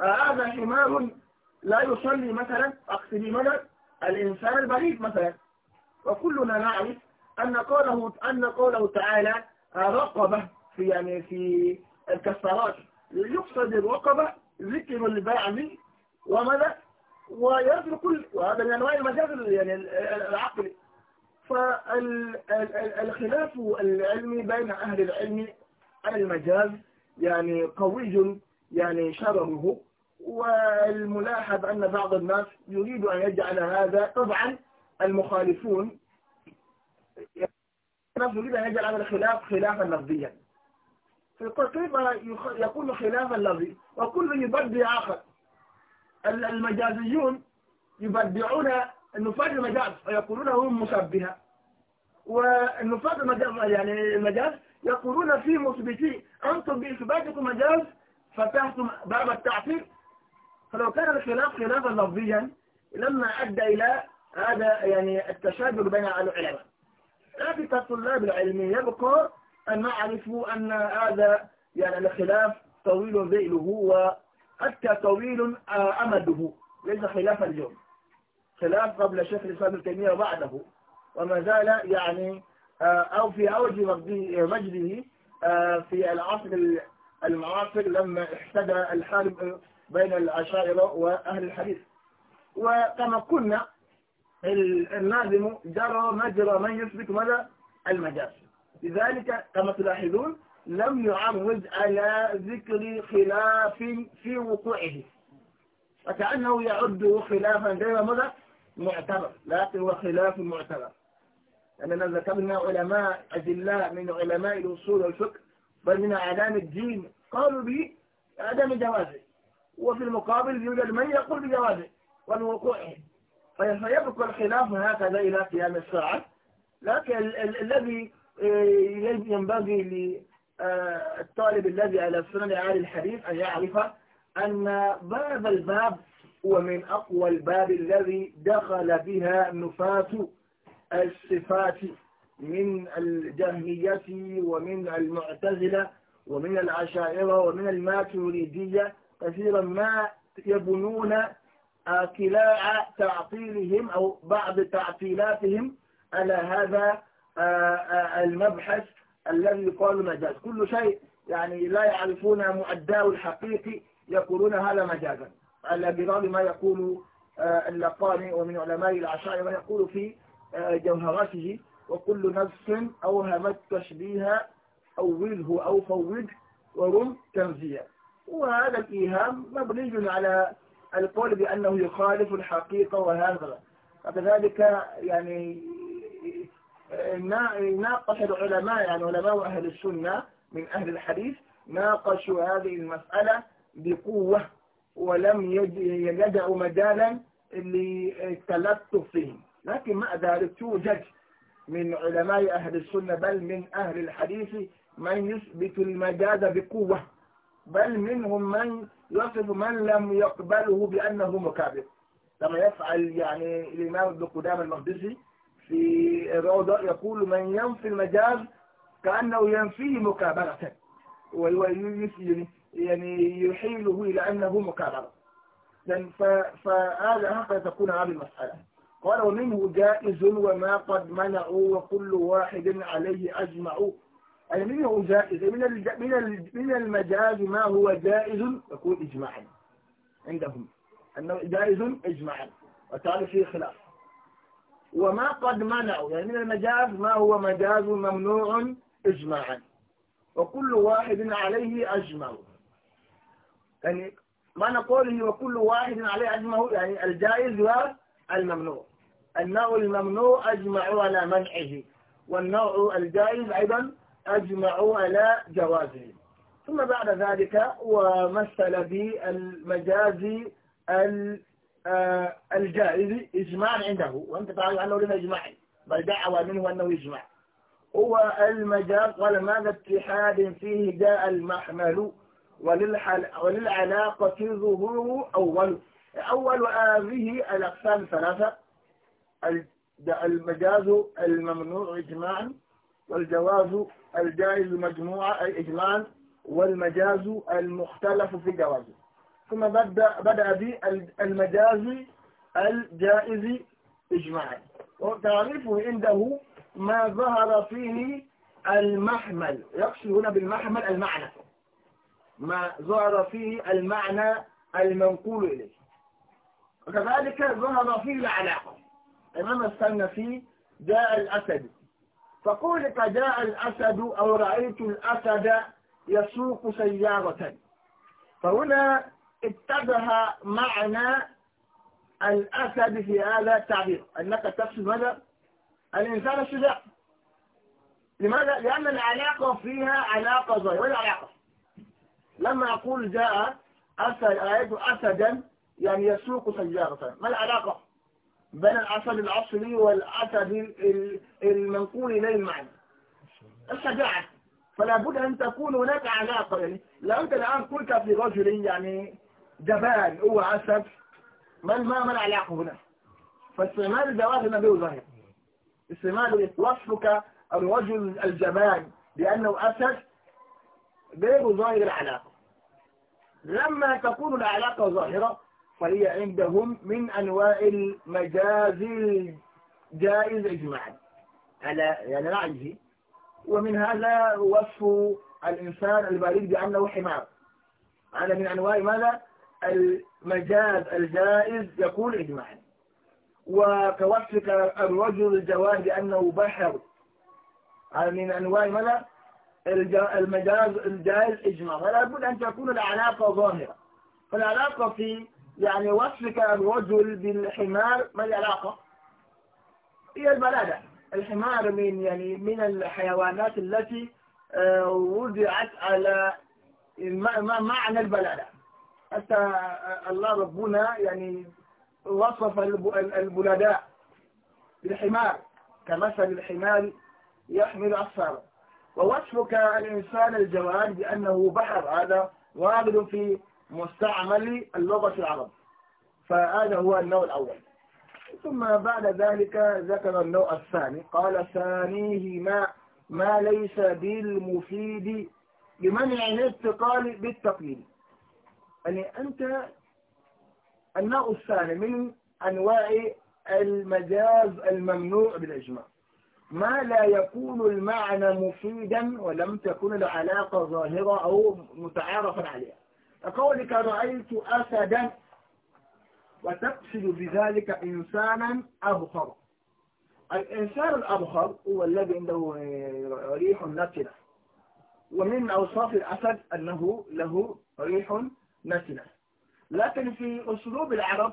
هذا حمار لا يصلي مثلا لي ماذا؟ الإنسان البعيد مثلا وكلنا نعرف أن قوله أن قوله تعالى رقبة في يعني في الكسرات يقصد الرقبة ذكر البعض وماذا؟ ويرد كل وهذا من أنواع المجاز يعني العقلي فالخلاف العلمي بين أهل العلم على المجاز يعني قوي يعني شبهه والملاحظ أن بعض الناس يريد أن يجعل هذا طبعا المخالفون الناس يريد أن يجعل هذا الخلاف خلافا لفظيا فكيف كيف يكون خلافا لفظي وكل يبدي آخر المجازيون يبدعون النفاذ المجاز ويقولون هم مشبهة والنفاذ المجاز يعني المجاز يقولون فيه مثبتي أنتم بإثباتكم مجاز فتحتم باب التعطيل فلو كان الخلاف خلافا لفظيا لما أدى إلى هذا يعني التشابه بين العلماء لكن الطلاب العلم يبقى أن نعرف أن هذا يعني الخلاف طويل ذيله حتى طويل آه، أمده ليس خلاف اليوم خلاف قبل شيخ الإسلام الكيمية وبعده وما زال يعني آه، أو في أوج مجده آه، في العصر المعاصر لما احتدى الحال بين العشائر وأهل الحديث وكما قلنا الناظم جرى مجرى من يثبت مدى المجاز لذلك كما تلاحظون لم يعرض على ذكر خلاف في وقوعه فكأنه يعده خلافا غير ماذا معتبر لكن هو خلاف معتبر لأننا ذكرنا علماء أجلاء من علماء الأصول والفقه بل من أعلام الدين قالوا به عدم جوازه وفي المقابل يوجد من يقول بجوازه والوقوعه فيبقى الخلاف هكذا إلى قيام الساعة لكن الذي آه، ينبغي آه، الطالب الذي على سنن عالي الحديث أن يعرف أن باب الباب هو من أقوى الباب الذي دخل بها نفاة الصفات من الجهمية ومن المعتزلة ومن العشائرة ومن الماتريدية كثيرا ما يبنون كلاع تعطيلهم أو بعض تعطيلاتهم على هذا آه، آه، المبحث الذي يقال مجاز كل شيء يعني لا يعرفون مؤداه الحقيقي يقولون هذا مجازا على غرار ما يقول آه، اللقاني ومن علماء العشائر يقول في آه، جوهرته وكل نفس أوهمت تشبيها أوله أو فوض ورم تنزية وهذا الإيهام مبني على القول بأنه يخالف الحقيقة وهذا فكذلك يعني ناقش العلماء يعني علماء أهل السنة من أهل الحديث ناقشوا هذه المسألة بقوة ولم يدعوا مجالا للتلطف فيه لكن مع ذلك توجد من علماء أهل السنة بل من أهل الحديث من يثبت المجاز بقوة بل منهم من يصف من لم يقبله بأنه مكابر كما يفعل يعني الإمام ابن قدام المقدسي في الروضة يقول من ينفي المجاز كأنه ينفيه مكابرة يعني يحيله إلى أنه مكابرة فهذا هكذا تكون هذه المسألة قال ومنه جائز وما قد منعوا وكل واحد عليه أجمع أي يعني منه جائز من من من المجاز ما هو جائز يكون إجماعا عندهم أنه جائز إجماعا وتعالى فيه خلاف وما قد منعوا يعني من المجاز ما هو مجاز ممنوع إجماعا وكل واحد عليه أجمع يعني معنى قوله وكل واحد عليه أجمع يعني الجائز والممنوع النوع الممنوع أجمع على منعه والنوع الجائز أيضا أجمع على جوازه ثم بعد ذلك ومثل بالمجاز آه، الجائز إجماع عنده وأنت تعرف أنه لنا إجماع بل دعوى منه أنه إجماع هو المجاز قال ماذا اتحاد فيه جاء المحمل وللحل... وللعلاقة ظهوره أول أول هذه الأقسام الثلاثة المجاز الممنوع إجماع والجواز الجائز مجموعة إجماعا والمجاز المختلف في جوازه ثم بدأ, بدأ بالمجازي الجائز إجماعا وتعريفه عنده ما ظهر فيه المحمل يقصد هنا بالمحمل المعنى ما ظهر فيه المعنى المنقول إليه وكذلك ظهر فيه العلاقة استنى فيه جاء الأسد فقولك جاء الأسد أو رأيت الأسد يسوق سيارة فهنا اتبه معنى الأسد في هذا التعبير أنك تقصد ماذا؟ الإنسان الشجاع لماذا؟ لأن العلاقة فيها علاقة ظاهرة والعلاقة لما أقول جاء أسد رأيت أسدا يعني يسوق سجارة ما العلاقة بين الأسد الأصلي والأسد المنقول إليه المعنى الشجاعة فلا بد أن تكون هناك علاقة يعني لو أنت الآن قلت في رجل يعني جبان هو عسل من ما من علاقه هنا فاستعمال الجواز النبي ظاهر استعمال وصفك الرجل الجبان لأنه أسد غير ظاهر العلاقة لما تكون العلاقة ظاهرة فهي عندهم من أنواع المجاز الجائز إجماعا على يعني رعيه ومن هذا وصف الإنسان البريد بأنه حمار هذا من أنواع ماذا المجاز الجائز يكون إجماعا وكوصفك الرجل الجواز بأنه بحر من أنواع ماذا المجاز الجائز إجماع فلا بد أن تكون العلاقة ظاهرة فالعلاقة في يعني وصفك الرجل بالحمار ما العلاقة هي البلادة الحمار من يعني من الحيوانات التي آه، وضعت على معنى البلادة حتى الله ربنا يعني وصف البلداء بالحمار كمثل الحمار يحمل أسفاره ووصفك الإنسان الجواد بأنه بحر هذا وارد في مستعمل اللغة العرب فهذا هو النوع الأول ثم بعد ذلك ذكر النوع الثاني قال ثانيه ما ليس بالمفيد بمنع الاتقال بالتقليد يعني أنت النوع الثاني من أنواع المجاز الممنوع بالإجماع ما لا يكون المعنى مفيدا ولم تكن العلاقة ظاهرة أو متعارفا عليها كقولك رأيت أسدا وتقصد بذلك إنسانا أبخر الإنسان الأبخر هو الذي عنده ريح نتنة ومن أوصاف الأسد أنه له ريح مثلا لكن في أسلوب العرب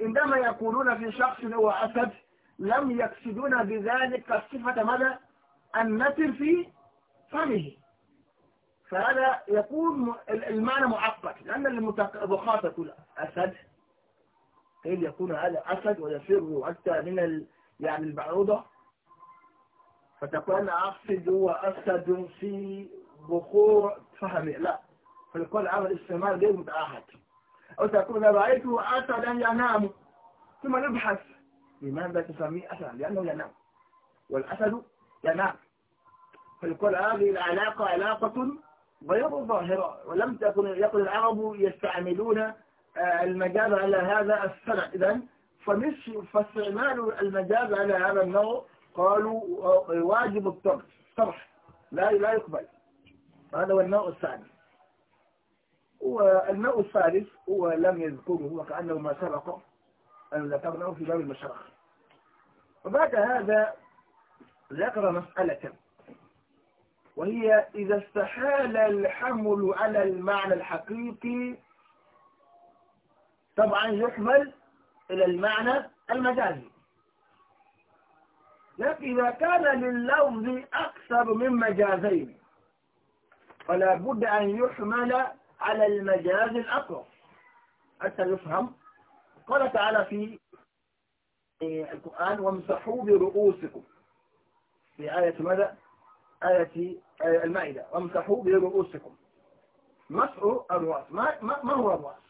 عندما يقولون في شخص هو أسد لم يقصدون بذلك صفة ماذا النسل في فمه فهذا يكون المعنى معقد لأن المخاطة تقول أسد قيل يكون هذا أسد ويفر حتى من يعني البعوضة فتقول أنا أقصد هو أسد في بخور فهمه لا فيقال عمل الشمال غير متعهد أو تقول رأيته أسدا ينام ثم نبحث لماذا تسميه أسدا لأنه ينام والأسد ينام فيقال هذه العلاقة علاقة غير ظاهرة ولم تكن يقول العرب يستعملون آه، المجاز على هذا السنة إذا فمش فاستعمال المجاز على هذا النوع قالوا آه، واجب الطرح لا لا يقبل هذا هو النوع الثاني والماء الثالث هو لم يذكره وكأنه ما سبق أن ذكرناه في باب المشرخ وبعد هذا ذكر مسألة وهي إذا استحال الحمل على المعنى الحقيقي طبعا يحمل إلى المعنى المجازي لكن إذا كان للفظ أكثر من مجازين فلا بد أن يحمل على المجاز الأقرب حتى يفهم قال تعالى في إيه، القرآن وامسحوا برؤوسكم في آية ماذا؟ آية،, آية المائدة وامسحوا برؤوسكم مسح الرأس ما, ما, ما هو الرأس؟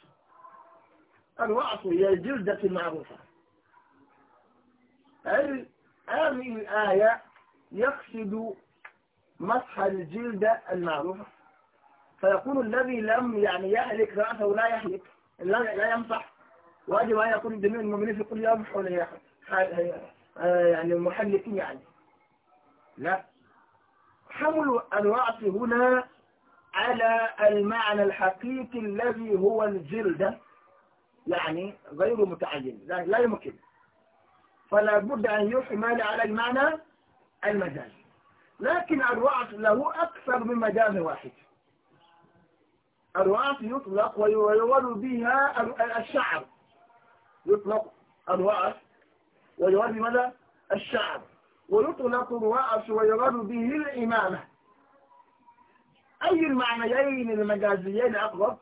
الرأس هي الجلدة المعروفة هذه الآية يقصد مسح الجلدة المعروفة فيكون الذي لم يعني يهلك رأسه لا يهلك لا لا يمسح واجب أن يكون جميع المؤمنين في كل يوم حول يعني محلقين يعني لا حمل الوعظ هنا على المعنى الحقيقي الذي هو الجلدة يعني غير متعين لا, لا يمكن فلا بد أن يحمل على المعنى المجاز لكن الوعظ له أكثر من مجاز واحد الرأس يطلق ويراد بها الشعر يطلق الرأس ويراد بماذا؟ الشعر ويطلق الرأس ويراد به الإمامة أي المعنيين المجازيين أقرب؟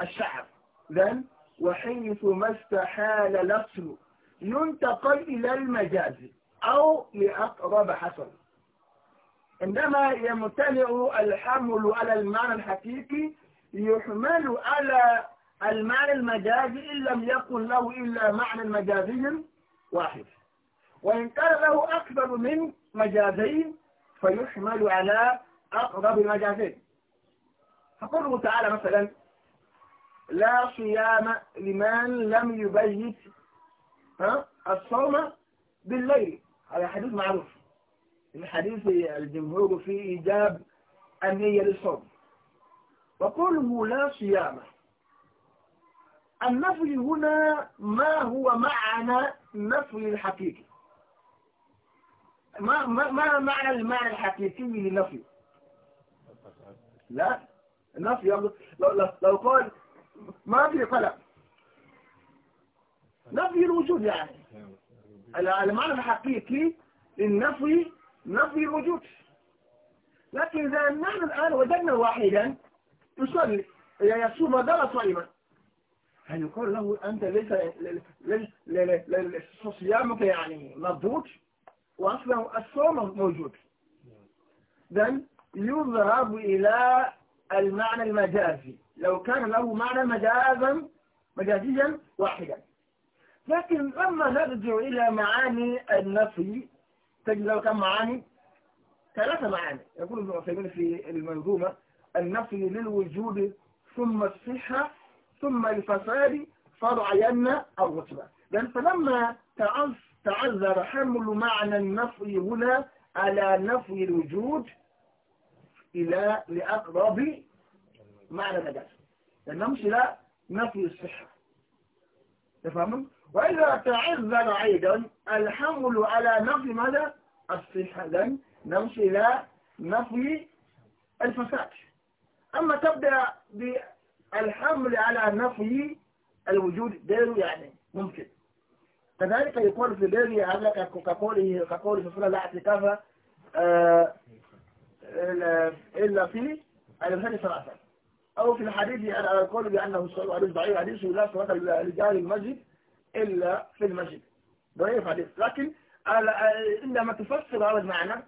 الشعر لأن وحيث ما استحال لفظه ينتقل إلى المجاز أو لأقرب حصل عندما يمتلئ الحمل على المعنى الحقيقي يحمل على المعنى المجازي إن لم يكن له إلا معنى مجازي واحد وإن كان له أكثر من مجازين فيحمل على أقرب المجازين فقوله تعالى مثلا لا صيام لمن لم يبيت ها الصوم بالليل هذا حديث معروف الحديث الجمهور في إيجاب النية للصوم وقوله لا صيام النفي هنا ما هو معنى نفي الحقيقي ما, ما, ما معنى المعنى الحقيقي للنفي لا النفي لو, لو, لو قال ما في قلق نفي الوجود يعني نعم. المعنى الحقيقي للنفي نفي الوجود لكن إذا نحن الآن وجدنا واحدا يصلي يصوم دار صائما هل يقول له أنت ليس صيامك يعني مضبوط وأصلا الصوم موجود إذا يذهب إلى المعنى المجازي لو كان له معنى مجازا مجازيا واحدا لكن لما نرجع إلى معاني النفي تجد له كم معاني ثلاثة معاني يقول ابن عثيمين في المنظومة النفي للوجود ثم الصحة ثم الفساد عينا الرتبة لأن فلما تعذر حمل معنى النفي هنا على نفي الوجود إلى لأقرب معنى النجاسة لأن نمشي إلى نفي الصحة تفهمون؟ وإذا تعذر أيضا الحمل على نفي ماذا؟ الصحة إذا نمشي إلى نفي الفساد أما تبدأ بالحمل على نفي الوجود دير يعني ممكن كذلك يقول في دير هذا كقوله كقوله في سورة لا اعتكاف آه، إلا في الإنسان ثلاثة أو في الحديث عن يعني القول بأنه صلى الصلاة عليه وسلم حديث لا صلاة لرجال المسجد إلا في المسجد ضعيف حديث لكن عندما تفسر هذا المعنى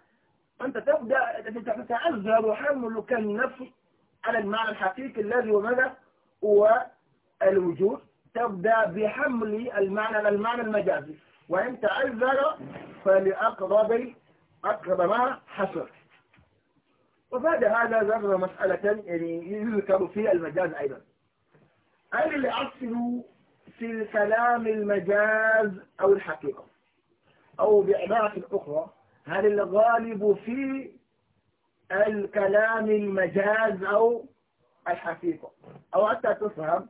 أنت تبدأ تتعذر وحملك النفس على المعنى الحقيقي الذي هو هو الوجود تبدأ بحمل المعنى المعنى المجازي وإن تعذر فلأقرب أقرب ما حصل وبعد هذا ذكر مسألة يعني يذكر في المجاز أيضا اللي يعصر في الكلام المجاز أو الحقيقة أو بعبارة أخرى هل الغالب في الكلام المجاز أو الحقيقة أو حتى تفهم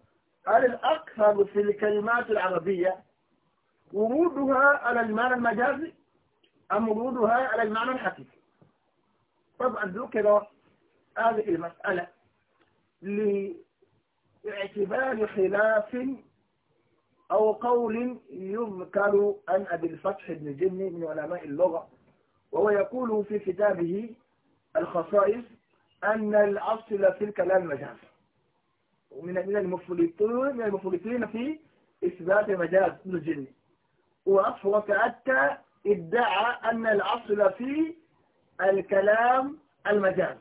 هل الأكثر في الكلمات العربية ورودها على المعنى المجازي أم ورودها على المعنى الحقيقي طبعا ذكر هذه المسألة لاعتبار خلاف أو قول يذكر عن أبي الفتح بن جني من علماء اللغة وهو يقول في كتابه الخصائص أن الأصل في الكلام مجاز ومن المفلطين من المفلطين في إثبات مجاز ابن الجني وأفرط حتى ادعى أن الأصل في الكلام المجاز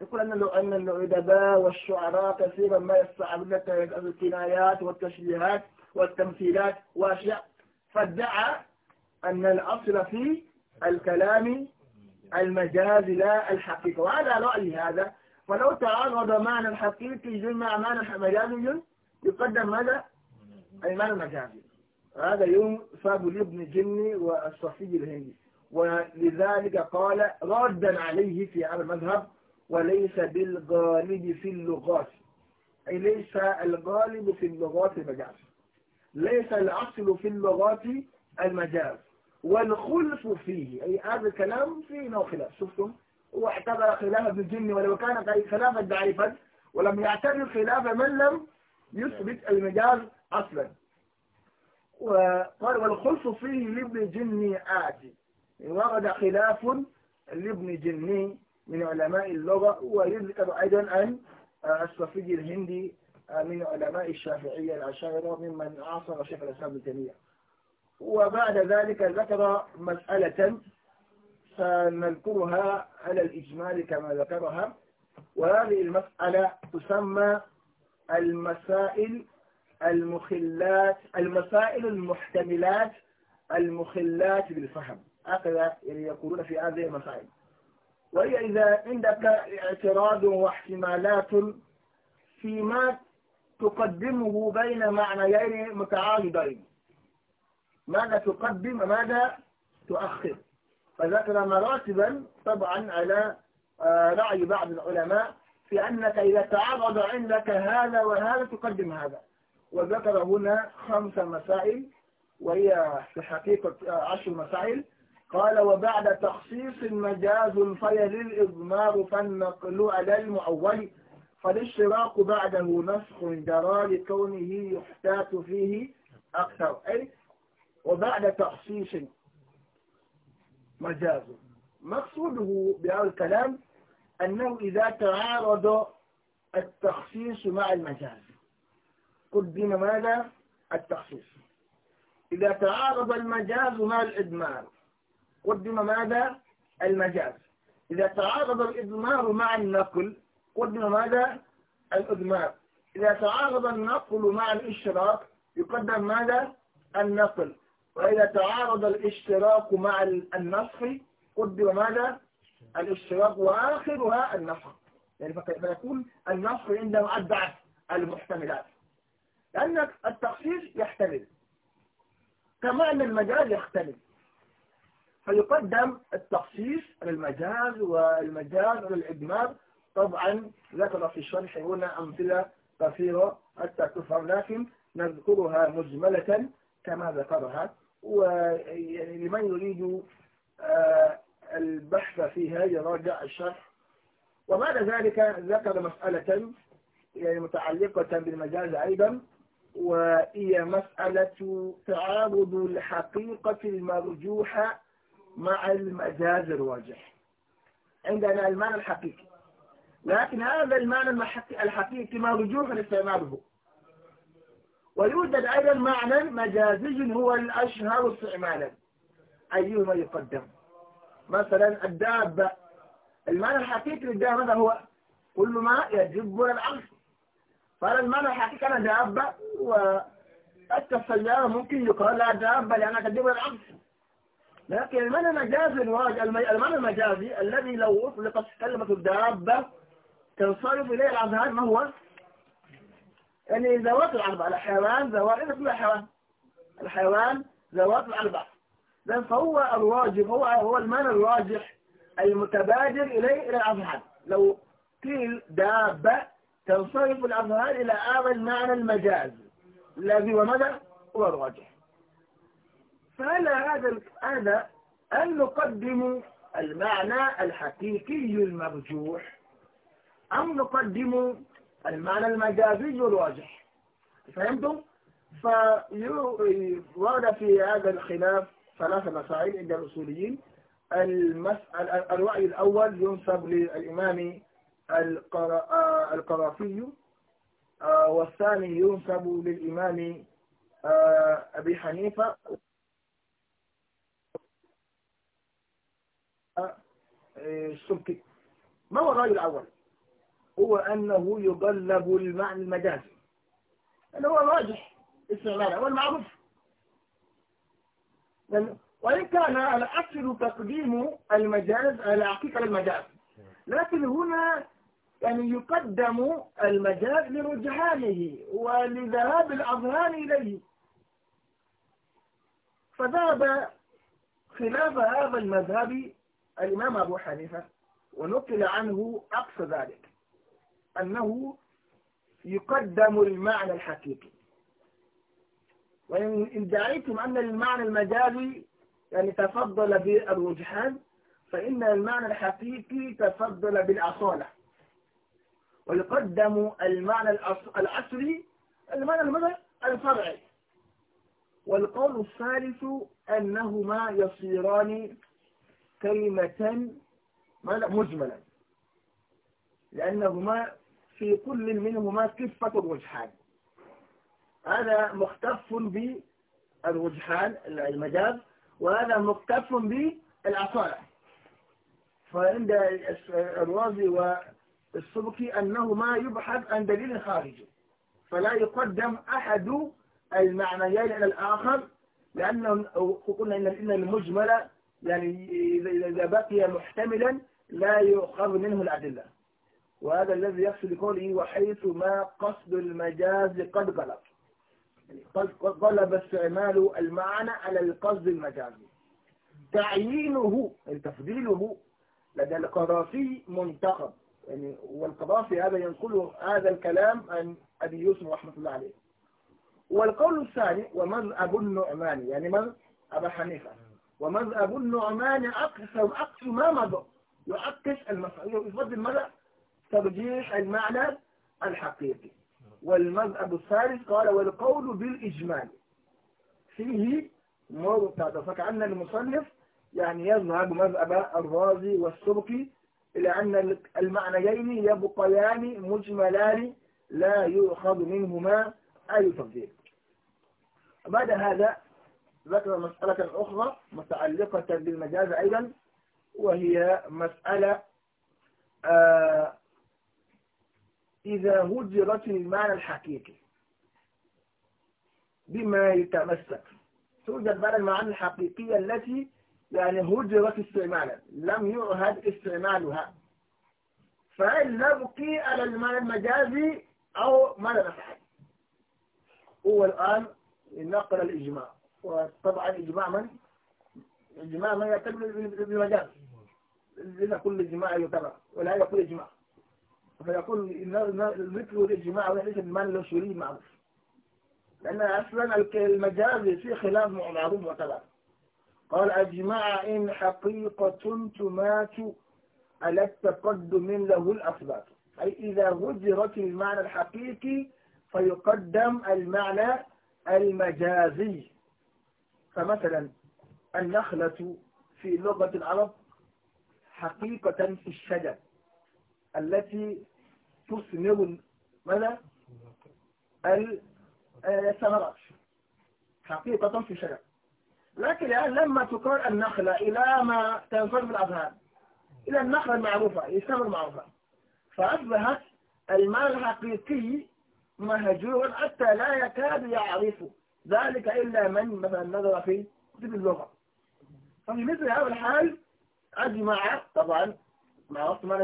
يقول أن أن الأدباء والشعراء كثيرا ما يستعملون الكنايات والتشبيهات والتمثيلات وأشياء فادعى أن الأصل في الكلام المجاز لا الحقيقة وهذا رأي هذا فلو تعارض معنى الحقيقي مع معنى مجازي يقدم ماذا؟ معنى مجازي هذا يوم صاب لابن جني والصفي الهندي ولذلك قال ردا عليه في هذا المذهب وليس بالغالب في اللغات أي ليس الغالب في اللغات مجاز ليس الأصل في اللغات المجاز والخلف فيه أي هذا الكلام فيه نوع خلاف شفتم هو اعتبر خلاف ابن الجن ولو كان خلافا ضعيفا ولم يعتبر خلاف من لم يثبت المجاز أصلا وقال والخلف فيه لابن جني آتي ورد خلاف لابن جني من علماء اللغة ويذكر أيضا أن الصفي الهندي من علماء الشافعية العشائرة ممن عاصر شيخ الإسلام ابن تيمية وبعد ذلك ذكر مسألة سنذكرها على الإجمال كما ذكرها وهذه المسألة تسمى المسائل المخلات المسائل المحتملات المخلات بالفهم هكذا يعني يقولون في هذه المسائل وهي إذا عندك اعتراض واحتمالات فيما تقدمه بين معنيين متعارضين ماذا تقدم ماذا تؤخر فذكر مراتبا طبعا على آه، رأي بعض العلماء في أنك إذا تعرض عندك هذا وهذا تقدم هذا وذكر هنا خمس مسائل وهي في حقيقة آه، عشر مسائل قال وبعد تخصيص مجاز فيل الإضمار فالنقل على المؤول فالاشتراك بعده نسخ جرى لكونه يحتاط فيه أكثر أي وبعد تخصيص مجاز مقصوده بهذا الكلام أنه إذا تعارض التخصيص مع المجاز قدم ماذا؟ التخصيص إذا تعارض المجاز مع الإدمار قدم ماذا؟ المجاز إذا تعارض الإدمار مع النقل قدم ماذا الإدماج إذا تعارض النقل مع الاشتراك يقدم ماذا النقل وإذا تعارض الاشتراك مع النصف قدم ماذا الاشتراك وآخرها النصف يعني فيكون النصف عندما أتبع المحتملات لأن التخصيص يحتمل كما أن يحتمل فيقدم التخصيص للمجاز والمجاز للإدمار طبعا ذكر في الشرح هنا أمثلة كثيرة حتى تفهم لكن نذكرها مجملة كما ذكرها ولمن يريد آه، البحث فيها يراجع الشرح وبعد ذلك ذكر مسألة يعني متعلقة بالمجاز أيضا وهي مسألة تعارض الحقيقة المرجوحة مع المجاز الواجح عندنا المعنى الحقيقي لكن هذا المعنى الحقيقي ما رجوح استعماله ويوجد أيضا معنى مجازي هو الأشهر استعمالا أيهما يقدم مثلا الدابة المعنى الحقيقي للدابة ماذا هو كل ما يجب العرش فهذا المعنى الحقيقي أنا دابة السيارة ممكن يقال لها دابة لأنها تجب العرش لكن المعنى المجازي المعنى المجازي الذي لو أطلقت كلمة الدابة تنصرف إليه العظهار ما هو يعني ذوات الأربعة الحيوان ذوات إذا كل الحيوان الحيوان ذوات الأربعة لأن فهو الراجح هو هو المعنى الراجح المتبادر إليه إلى الأذهان لو قيل دابة تنصرف الأذهان إلى هذا المعنى المجاز الذي وماذا هو الراجح فعلى هذا هذا أن نقدم المعنى الحقيقي المرجوح أم نقدم المعنى المجازي الواجح فهمتم؟ فورد في هذا الخلاف ثلاث مسائل عند الأصوليين المسأل الرأي الأول ينسب للإمام آه، القرافي آه، والثاني ينسب للإمام آه، أبي حنيفة السبكي ما هو الرأي الأول؟ هو أنه يقلب المعنى المجازي هو الراجح استعماله والمعروف وإن كان الأصل تقديم المجاز على حقيقة المجاز لكن هنا يعني يقدم المجاز لرجحانه ولذهاب الأظهار إليه فذهب خلاف هذا المذهب الإمام أبو حنيفة ونقل عنه أقصى ذلك أنه يقدم المعنى الحقيقي وإن ادعيتم أن المعنى المجازي يعني تفضل بالرجحان فإن المعنى الحقيقي تفضل بالأصالة ويقدم المعنى العصري المعنى المعنى الفرعي والقول الثالث أنهما يصيران كلمة مجملا لأنهما في كل منهما كفة الوجهان هذا مختص بالوجهان المجاز وهذا مختص بالعصارة فعند الرازي والسبكي أنهما يبحث عن دليل خارجي فلا يقدم أحد المعنيين على الآخر لأنه قلنا إن المجمل يعني إذا بقي محتملا لا يؤخذ منه الأدلة وهذا الذي يقصد بقوله وحيث ما قصد المجاز قد غلب يعني قد غلب استعمال المعنى على القصد المجازي تعيينه يعني تفضيله لدى القراصي منتقد يعني والقراصي هذا ينقل هذا الكلام عن أبي يوسف رحمة الله عليه والقول الثاني ومذهب النعمان يعني من أبا حنيفة ومذهب النعمان أقسم أقسم ما مضى يعكس المسألة يفضل ماذا ترجيح المعنى الحقيقي والمذهب الثالث قال والقول بالإجمال فيه مرتد فكأن المصنف يعني يذهب مذهب الرازي والسبكي إلى أن المعنيين يبقيان مجملان لا يؤخذ منهما أي تفضيل بعد هذا ذكر مسألة أخرى متعلقة بالمجاز أيضا وهي مسألة آه إذا هجرت المال الحقيقي بما يتمسك توجد بعض المعاني الحقيقية التي يعني هجرت استعمالا لم يعهد استعمالها فهل نبقي على المال المجازي أو ماذا نفعل هو الآن نقل الإجماع وطبعا إجماع من؟ إجماع من يعتبر بالمجاز لذا كل إجماع يعتبر ولا يقول إجماع فيقول المثل والإجماع ليس بمعنى له شريك معروف لأن أصلا المجاز في خلاف معروف وكذا قال أجماع إن حقيقة تمات على التقدم له الأثبات أي إذا وجرت المعنى الحقيقي فيقدم المعنى المجازي فمثلا النخلة في لغة العرب حقيقة في الشجر التي تثمر ماذا؟ آه، الثمرات حقيقة في شجر لكن الآن لما تقال النخلة إلى ما في الأذهان إلى النخلة المعروفة الثمرة المعروفة فأصبحت المال الحقيقي مهجور حتى لا يكاد يعرف ذلك إلا من مثلا نظر في كتب اللغة ففي مثل هذا الحال أجمع طبعا مع وقت ما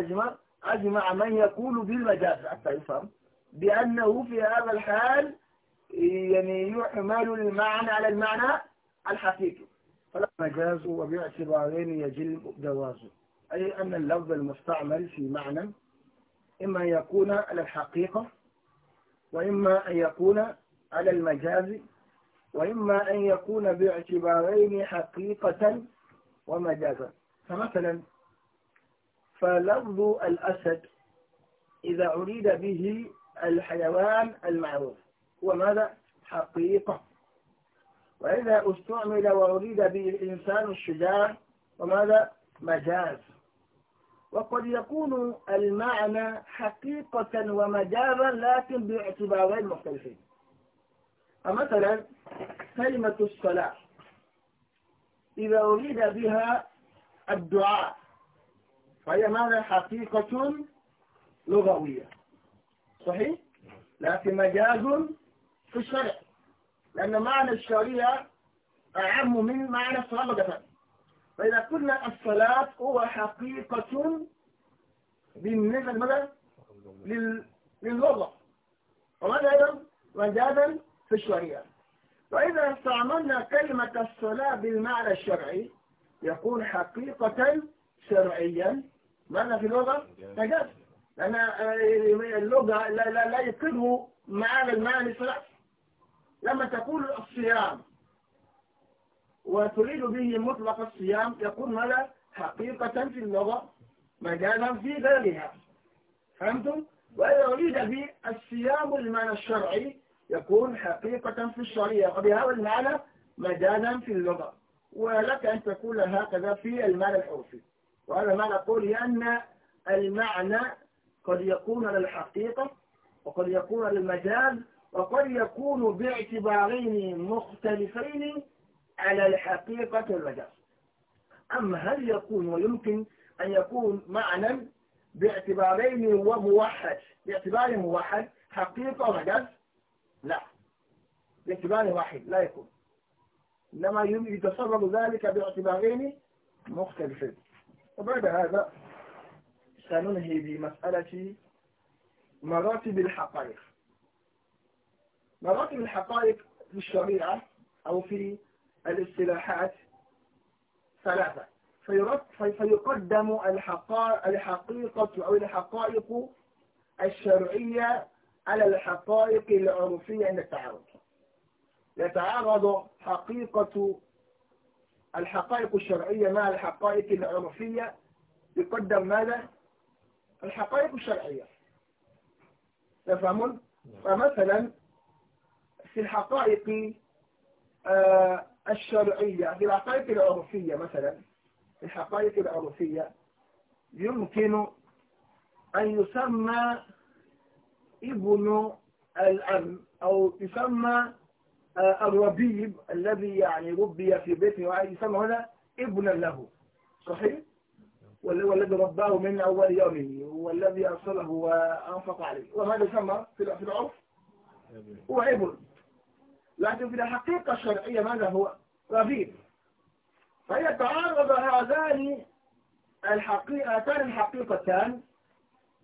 أجمع من يقول بالمجاز حتى يفهم بأنه في هذا الحال يعني يحمل المعنى على المعنى الحقيقي فلا مجاز وباعتبارين يجل جوازه أي أن اللفظ المستعمل في معنى إما أن يكون على الحقيقة وإما أن يكون على المجاز وإما أن يكون باعتبارين حقيقة ومجازا فمثلا فلفظ الأسد إذا أريد به الحيوان المعروف هو ماذا؟ حقيقة وإذا استعمل وأريد به الإنسان الشجاع وماذا؟ مجاز وقد يكون المعنى حقيقة ومجازا لكن باعتبارين مختلفين فمثلا كلمة الصلاة إذا أريد بها الدعاء فهي معنى حقيقة لغوية صحيح؟ لكن مجاز في الشرع لأن معنى الشريعة أعم من معنى الصلاة بدفع فإذا قلنا الصلاة هو حقيقة بالنسبة لماذا؟ للغة وماذا أيضا؟ مجازا في الشريعة وإذا استعملنا كلمة الصلاة بالمعنى الشرعي يكون حقيقة شرعيا معنى في اللغة نجاسة لأن آه، اللغة لا, لا, لا يقره معنى المعنى الثلاث لما تقول الصيام وتريد به مطلق الصيام يقول ماذا حقيقة في اللغة مجازا في غيرها فهمتم؟ وإذا أريد به الصيام المعنى الشرعي يكون حقيقة في الشريعة وبهذا المعنى مجازا في اللغة ولك أن تقول هكذا في المعنى الحرفي وهذا ما نقول لأن المعنى قد يكون للحقيقة وقد يكون للمجاز وقد يكون باعتبارين مختلفين على الحقيقة والمجاز أما هل يكون ويمكن أن يكون معنى باعتبارين وموحد باعتبار موحد حقيقة ومجال لا باعتبار واحد لا يكون إنما يتصرف ذلك باعتبارين مختلفين وبعد هذا سننهي بمسألة مراتب الحقائق مراتب الحقائق في الشريعة أو في الاصطلاحات ثلاثة فيقدم الحقيقة أو الحقائق الشرعية على الحقائق العرفية عند التعارض يتعارض حقيقة الحقائق الشرعية مع الحقائق العرفية يقدم ماذا؟ الحقائق الشرعية تفهمون؟ نعم. فمثلا في الحقائق آه، الشرعية في الحقائق العرفية مثلا في الحقائق العرفية يمكن أن يسمى ابن الأم أو يسمى آه، الربيب الذي يعني ربي في بيته وعلي يسمى هنا ابنا له صحيح؟ والذي الذي رباه من أول يومه والذي أرسله وأنفق عليه وهذا يسمى في العرف هو ابن لكن في الحقيقة الشرعية ماذا هو؟ ربيب تعارض هذان الحقيقتان الحقيقتان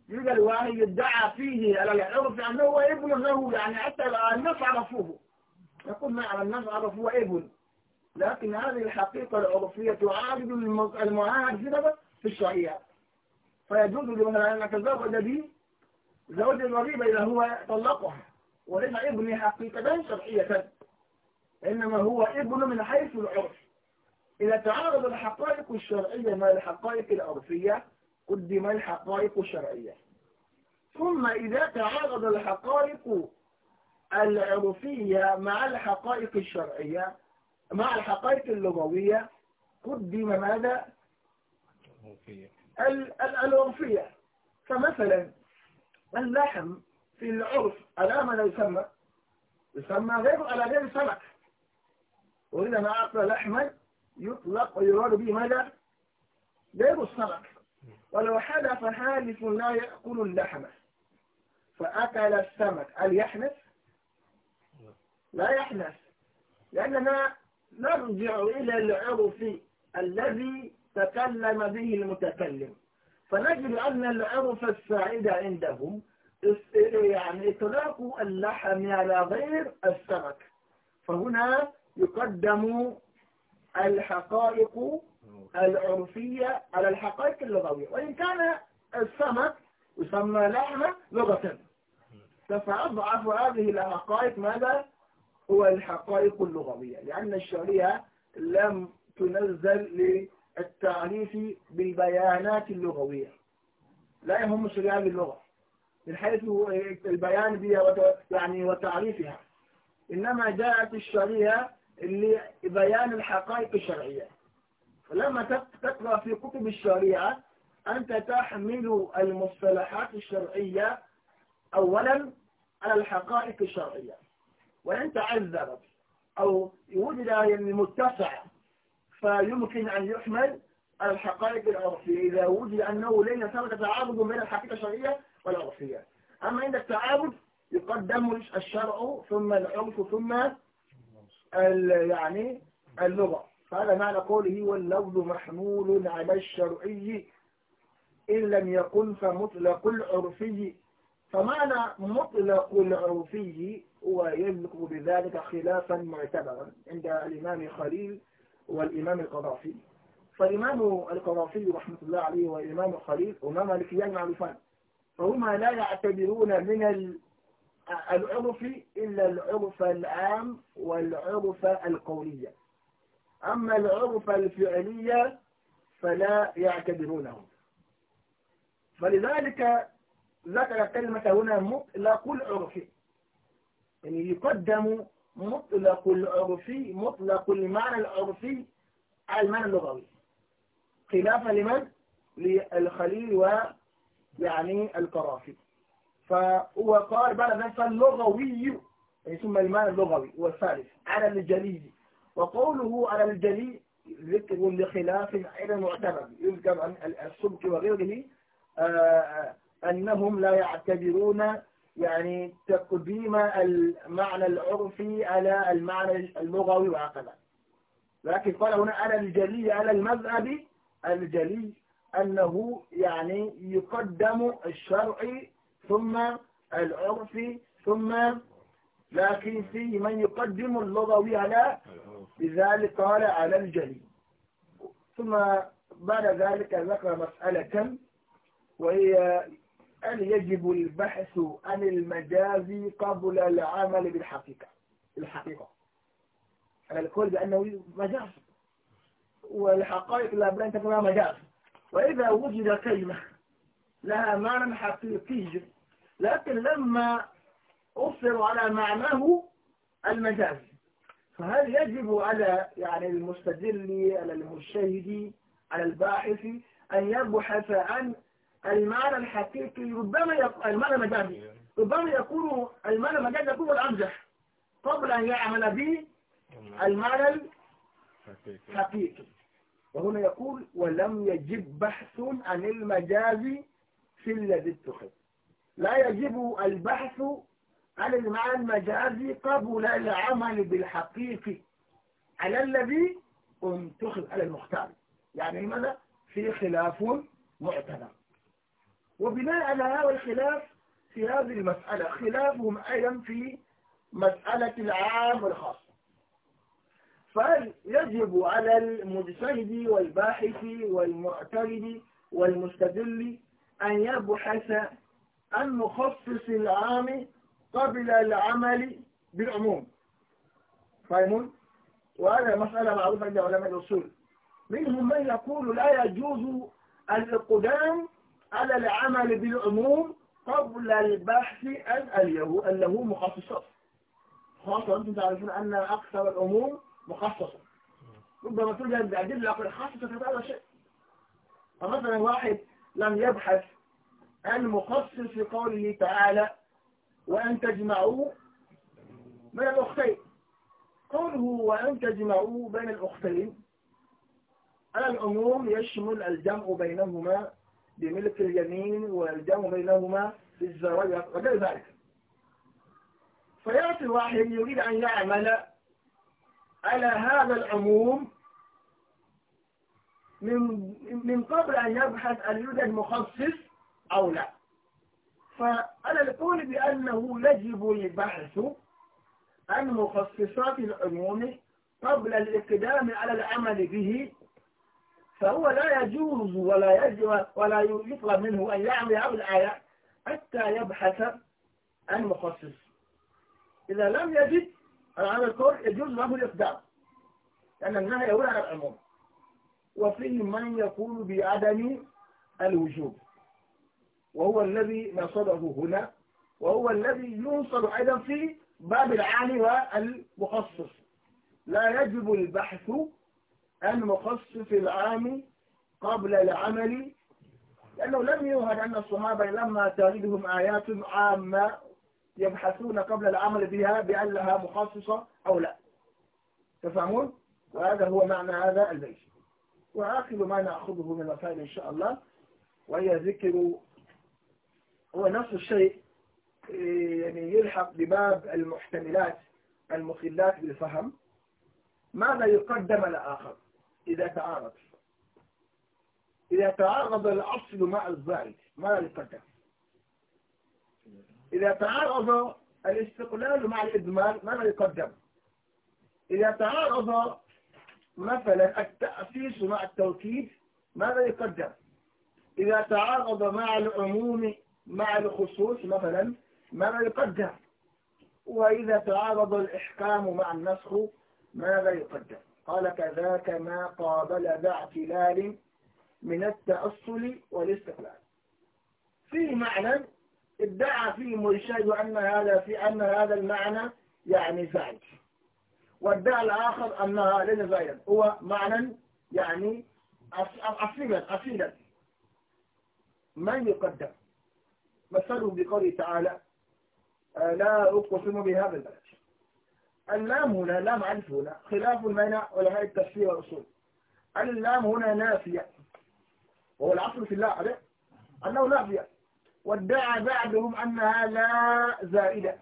يوجد واحد يدعى فيه على العرف أنه هو ابن له يعني حتى الآن الناس عرفوه يقول نعم الناس عرف هو ابن لكن هذه الحقيقة العرفية تعارض المعاهد في الشرعية فيجوز لمثلا أن تزوج به زوج غريبة إذا هو طلقها وليس ابن حقيقة شرعية إنما هو ابن من حيث العرف إذا تعارض الحقائق الشرعية مع الحقائق العرفية قدم الحقائق الشرعية ثم إذا تعارض الحقائق العرفية مع الحقائق الشرعية مع الحقائق اللغوية قدم ماذا؟ العرفية فمثلا اللحم في العرف على ماذا يسمى؟ يسمى غير على غير سمك وإذا ما أعطى لحما يطلق ويراد به ماذا؟ غير السمك ولو حدث حادث لا يأكل اللحم فأكل السمك هل يحنث؟ لا يحدث لأننا نرجع إلى العرف الذي تكلم به المتكلم فنجد أن العرف السعيد عندهم يعني إطلاق اللحم على غير السمك فهنا يقدم الحقائق العرفية على الحقائق اللغوية وإن كان السمك يسمى لحمة لغة فأضعف هذه الحقائق ماذا؟ هو الحقائق اللغوية لأن الشريعة لم تنزل للتعريف بالبيانات اللغوية لا يهم الشريعة باللغة من حيث البيان بها يعني وتعريفها إنما جاءت الشريعة لبيان الحقائق الشرعية فلما تقرأ في كتب الشريعة أنت تحمل المصطلحات الشرعية أولا على الحقائق الشرعية وإن تعذرت أو وجد يعني متسع فيمكن أن يحمل على الحقائق العرفية إذا وجد أنه لن ثمة تعارض بين الحقيقة الشرعية والعرفية أما عند التعارض يقدم الشرع ثم العرف ثم يعني اللغة فهذا معنى قوله واللفظ محمول على الشرعي إن لم يكن فمطلق العرفي فمعنى مطلق العرفي هو يملك بذلك خلافا معتبرا عند الإمام خليل والإمام القرافي فالإمام القرافي رحمة الله عليه والإمام خليل هما مالكيان معروفان فهما لا يعتبرون من العرف إلا العرف العام والعرف القولية أما العرف الفعلية فلا يعتبرونه فلذلك ذكر كلمة هنا مطلق العرف يعني يقدم مطلق العرفي مطلق المعنى العرفي على المعنى اللغوي خلافا لمن؟ للخليل ويعني القرافي فهو قال بعد ذلك اللغوي يعني ثم المعنى اللغوي والثالث على الجلي وقوله على الجلي ذكر لخلاف غير معتبر يذكر عن السبك وغيره آه، آه، أنهم لا يعتبرون يعني تقديم المعنى العرفي على المعنى اللغوي وهكذا لكن قال هنا على الجلي على المذهب الجلي أنه يعني يقدم الشرعي ثم العرفي ثم لكن في من يقدم اللغوي على لذلك قال على الجلي ثم بعد ذلك ذكر مسألة وهي أن يجب البحث عن المجاز قبل العمل بالحقيقة الحقيقة على الكل بأنه مجاز والحقائق لا بد أن تكون مجاز وإذا وجد كلمة لها معنى حقيقي لكن لما أصر على معناه المجاز فهل يجب على يعني المستدل على المشاهد على الباحث أن يبحث عن المعنى الحقيقي ربما يكون المعنى المجازي ربما يكون المعنى المجازي يكون الأرجح قبل أن يعمل به المعنى الحقيقي وهنا يقول ولم يجب بحث عن المجاز في الذي اتخذ لا يجب البحث عن المعنى المجازي قبل العمل بالحقيقي على الذي انتخذ على المختار يعني ماذا في خلاف معتبر وبناء على هذا الخلاف في هذه المسألة خلافهم أيضا في مسألة العام والخاص فهل يجب على المجتهد والباحث والمعترض والمستدل أن يبحث عن مخصص العام قبل العمل بالعموم فاهمون؟ وهذا مسألة معروفة عند علماء الأصول منهم من يقول لا يجوز الإقدام على العمل بالعموم قبل البحث عن اليهو أنه مخصصات خاصة أنتم تعرفون أن أكثر الأمور مخصصة ربما توجد بأدلة خاصة في هذا الشيء فمثلا واحد لم يبحث عن مخصص قوله تعالى وأن تجمعوا بين الأختين قوله وأن تجمعوا بين الأختين على العموم يشمل الجمع بينهما بملك اليمين والجمع بينهما في الزواج وغير ذلك فيأتي الواحد يريد أن يعمل على هذا العموم من من قبل أن يبحث أن يوجد مخصص أو لا فأنا أقول بأنه يجب البحث عن مخصصات العموم قبل الإقدام على العمل به فهو لا يجوز ولا يجوى ولا يطلب منه أن يعمل عمل الآية حتى يبحث عن مخصص إذا لم يجد العمل الكور يجوز له الإقدام لأن النهي يقول على العموم وفيه من يقول بعدم الوجوب وهو الذي نصده هنا وهو الذي ينصد أيضا في باب العالي والمخصص لا يجب البحث المخصص العام قبل العمل لأنه لم يوهد أن الصحابة لما تجدهم آيات عامة يبحثون قبل العمل بها بأن لها مخصصة أو لا تفهمون؟ وهذا هو معنى هذا البيت وآخر ما نأخذه من الرسائل إن شاء الله وهي ذكر هو نفس الشيء إيه، يعني يلحق بباب المحتملات المخلات بالفهم ماذا يقدم الآخر إذا تعارض إذا تعارض الأصل مع الزائد مع القدر إذا تعارض الاستقلال مع الإدمان ماذا يقدم إذا تعارض مثلا التأسيس مع التوكيد ماذا يقدم إذا تعارض مع العموم مع الخصوص مثلا ماذا يقدم وإذا تعارض الإحكام مع النسخ ماذا يقدم قال كذاك ما قابل ذا اعتلال من التأصل والاستقلال في معنى ادعى فيه مرشد أن هذا في أن هذا المعنى يعني زائد وادعى الآخر أنها ليس زائدا هو معنى يعني أصيلا أصيلا من يقدم مثله بقوله تعالى لا أقسم بهذا البلد اللام هنا لام ألف هنا خلاف بين علماء التفسير والأصول اللام هنا نافية وهو العصر في الله عليه أنه نافية وادعى بعضهم أنها لا زائدة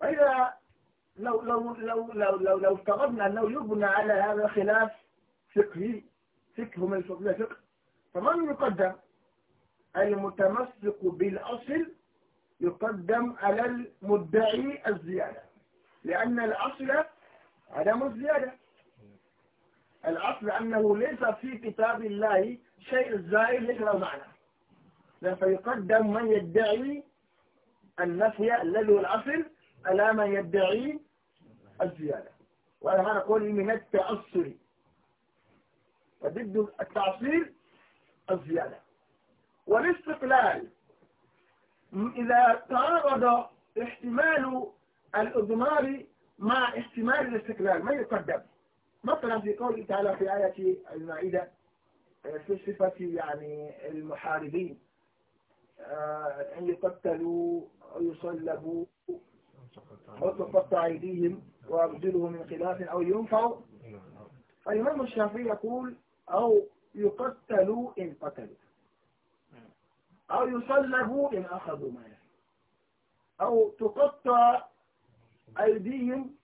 فإذا لو لو لو لو لو, لو افترضنا أنه يبنى على هذا خلاف فقهي فقه من فقه فمن يقدم المتمسك بالأصل يقدم على المدعي الزيادة لأن الأصل عدم الزيادة الأصل أنه ليس في كتاب الله شيء زائد له معنى فيقدم من يدعي النفي الذي هو الأصل على من يدعي الزيادة وهذا نقول من التأصل وضد التعصيل الزيادة والاستقلال إذا تعرض احتمال الإضمار مع احتمال الاستقلال ما يقدم مثلا في قوله تعالى في آية المائدة آه، في صفة يعني المحاربين آه، أن يقتلوا أو يصلبوا أو تقطع أيديهم وأرجلهم من خلاف أو ينفعوا الإمام الشافعي يقول أو يقتلوا إن قتلوا أو يصلبوا إن أخذوا ما أو تقطع أيديهم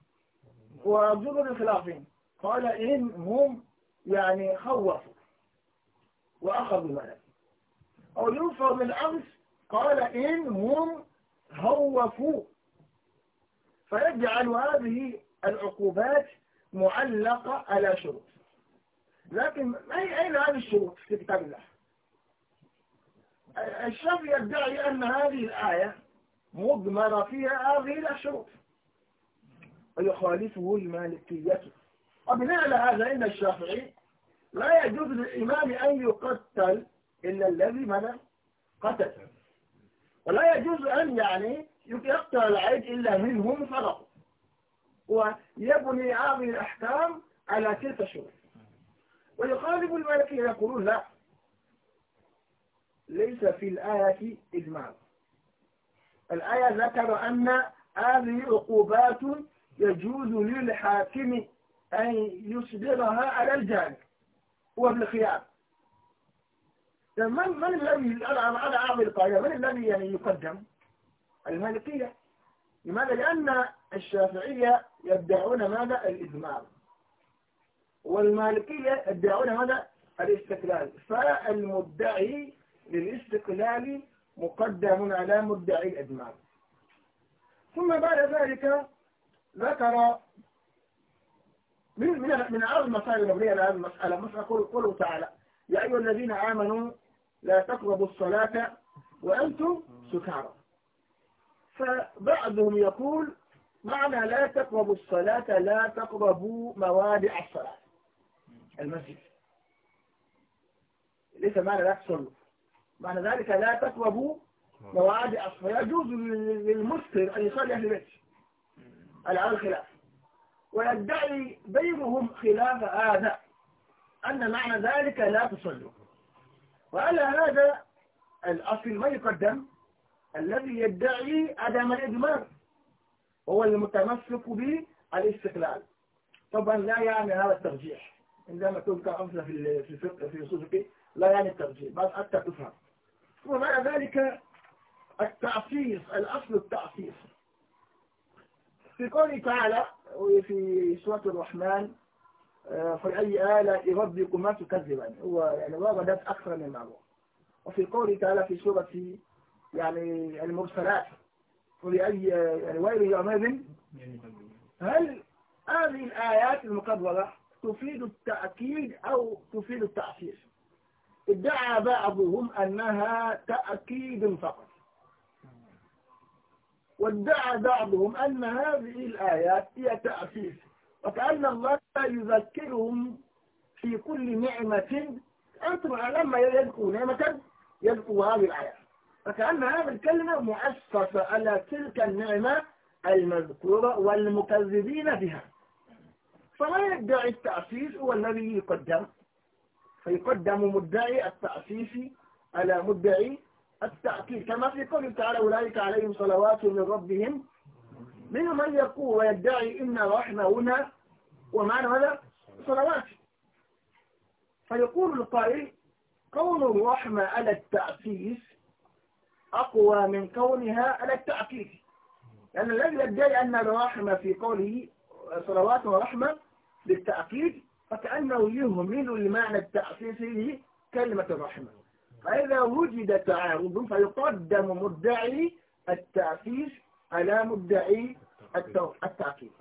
وجبر الخلافين قال إن هم يعني خوفوا وأخذوا ذلك أو ينفر بالأمس قال إن هم خوفوا فيجعل هذه العقوبات معلقة على شروط لكن أين هذه الشروط في كتاب الله الشافعي يدعي أن هذه الآية مضمرة فيها هذه الشروط ويخالفه المالكية وبناء على هذا إن الشافعي لا يجوز للإمام أن يقتل إلا الذي من قتل ولا يجوز أن يعني يقتل العيد إلا منهم فرق ويبني هذه الأحكام على تلك الشروط ويخالف المالكية يقولون لا ليس في الآية إجمال الآية ذكر أن هذه عقوبات يجوز للحاكم أن يصدرها على الجانب خيار من من الذي أنا أنا أعمل القاعدة من الذي يعني يقدم المالكية لماذا؟ لأن الشافعية يدعون ماذا الإجماع والمالكية يدعون ماذا الاستقلال فالمدعي للاستقلال مقدم على مدعي الإجماع ثم بعد ذلك ذكر من من من أرض المسائل المبنية على هذه المسألة مسألة قوله تعالى يا أيها الذين آمنوا لا تقربوا الصلاة وأنتم سكارى فبعضهم يقول معنى لا تقربوا الصلاة لا تقربوا موادع الصلاة المسجد ليس معنى لا تصلوا معنى ذلك لا تقربوا موادع الصلاة يجوز للمسكر أن يصلي أهل بيته على خلاف ويدعي بينهم خلاف هذا أن معنى ذلك لا تصلوا وعلى هذا الأصل ما يقدم الذي يدعي عدم الإجماع هو المتمسك بالاستقلال طبعا لا يعني هذا الترجيح عندما تذكر أمثلة في الفقه في الفقه لا يعني الترجيح بس حتى تفهم ومع ذلك التعصيص الأصل التعصيص في قوله تعالى وفي سورة الرحمن آه، فلأي آلة ربكما تكذبان هو يعني وردت أكثر من معروف وفي قوله تعالى في سورة يعني المرسلات أي يعني ويل يومئذ هل هذه الآيات المكررة تفيد التأكيد أو تفيد التعفير ادعى بعضهم أنها تأكيد فقط وادعى بعضهم أن هذه الآيات هي تأسيس وكأن الله يذكرهم في كل نعمة أنتم لما يذكروا نعمة يذكروا هذه الآيات فكأن هذه الكلمة مؤسسة على تلك النعمة المذكورة والمكذبين بها فلا يدعي التأسيس هو الذي يقدم فيقدم مدعي التأسيس على مدعي التأكيد كما في قوله تعالى أولئك عليهم صلوات من ربهم منهم من يقول ويدعي إن الرحمة هنا ومعنى هذا صلوات فيقول القائل كون الرحمة على التأكيد أقوى من كونها على التأكيد لأن يعني الذي يدعي أن الرحمة في قوله صلوات ورحمة بالتأكيد فكأنه يهمل المعنى التأكيد كلمة الرحمة فإذا وجد تعارض فيقدم مدعي التعفيف على مدعي التعفيف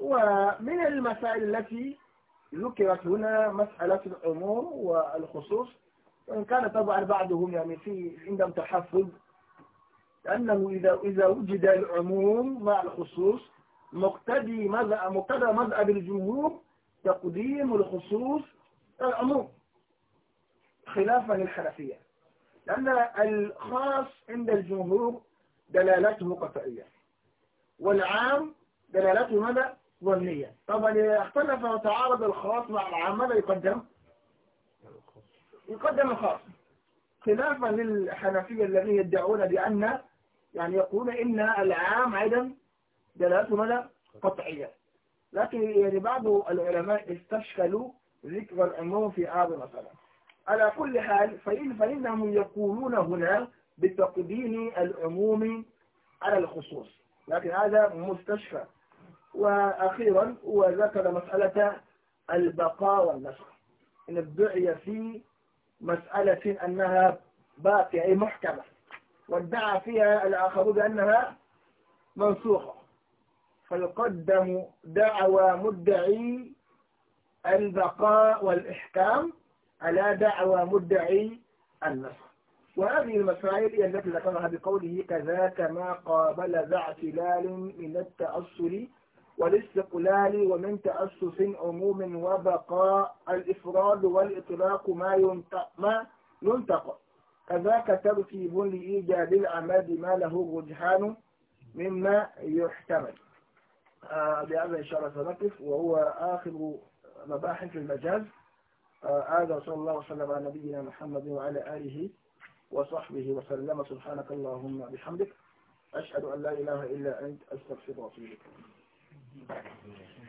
ومن المسائل التي ذكرت هنا مسألة العموم والخصوص وإن كان طبعا بعضهم يعني في عندهم تحفظ لأنه إذا إذا وجد العموم مع الخصوص مقتدي مذهب مقتدى مذهب الجمهور تقديم الخصوص العموم خلافا للحنفية لأن الخاص عند الجمهور دلالته قطعية والعام دلالته ماذا؟ ظنية طبعا إذا اختلف وتعارض الخاص مع العام ماذا يقدم؟ يقدم الخاص خلافا للحنفية الذين يدعون بأن يعني يقولون إن العام أيضا دلالته ماذا؟ قطعية لكن يعني بعض العلماء استشكلوا ذكر العموم في هذا مثلا على كل حال فإن فإنهم يقولون هنا بتقديم العموم على الخصوص لكن هذا مستشفى وأخيرا وذكر مسألة البقاء والنسخ إن ادعي في مسألة أنها باقية أي محكمة وادعى فيها الآخرون بأنها منسوخة فيقدم دعوى مدعي البقاء والإحكام على دعوى مدعي النصر وهذه المسائل هي التي ذكرها بقوله كذاك ما قابل ذا اعتلال من التأصل والاستقلال ومن تأسس عموم وبقاء الإفراد والإطلاق ما ما ينتقى كذاك ترتيب لإيجاد العماد ما له رجحان مما يحتمل آه، بهذا إن شاء الله سنقف وهو آخر مباحث المجاز هذا آه، صلى الله وسلم على نبينا محمد وعلى آله وصحبه وسلم سبحانك اللهم بحمدك أشهد أن لا إله إلا أنت أستغفر وأتوب إليك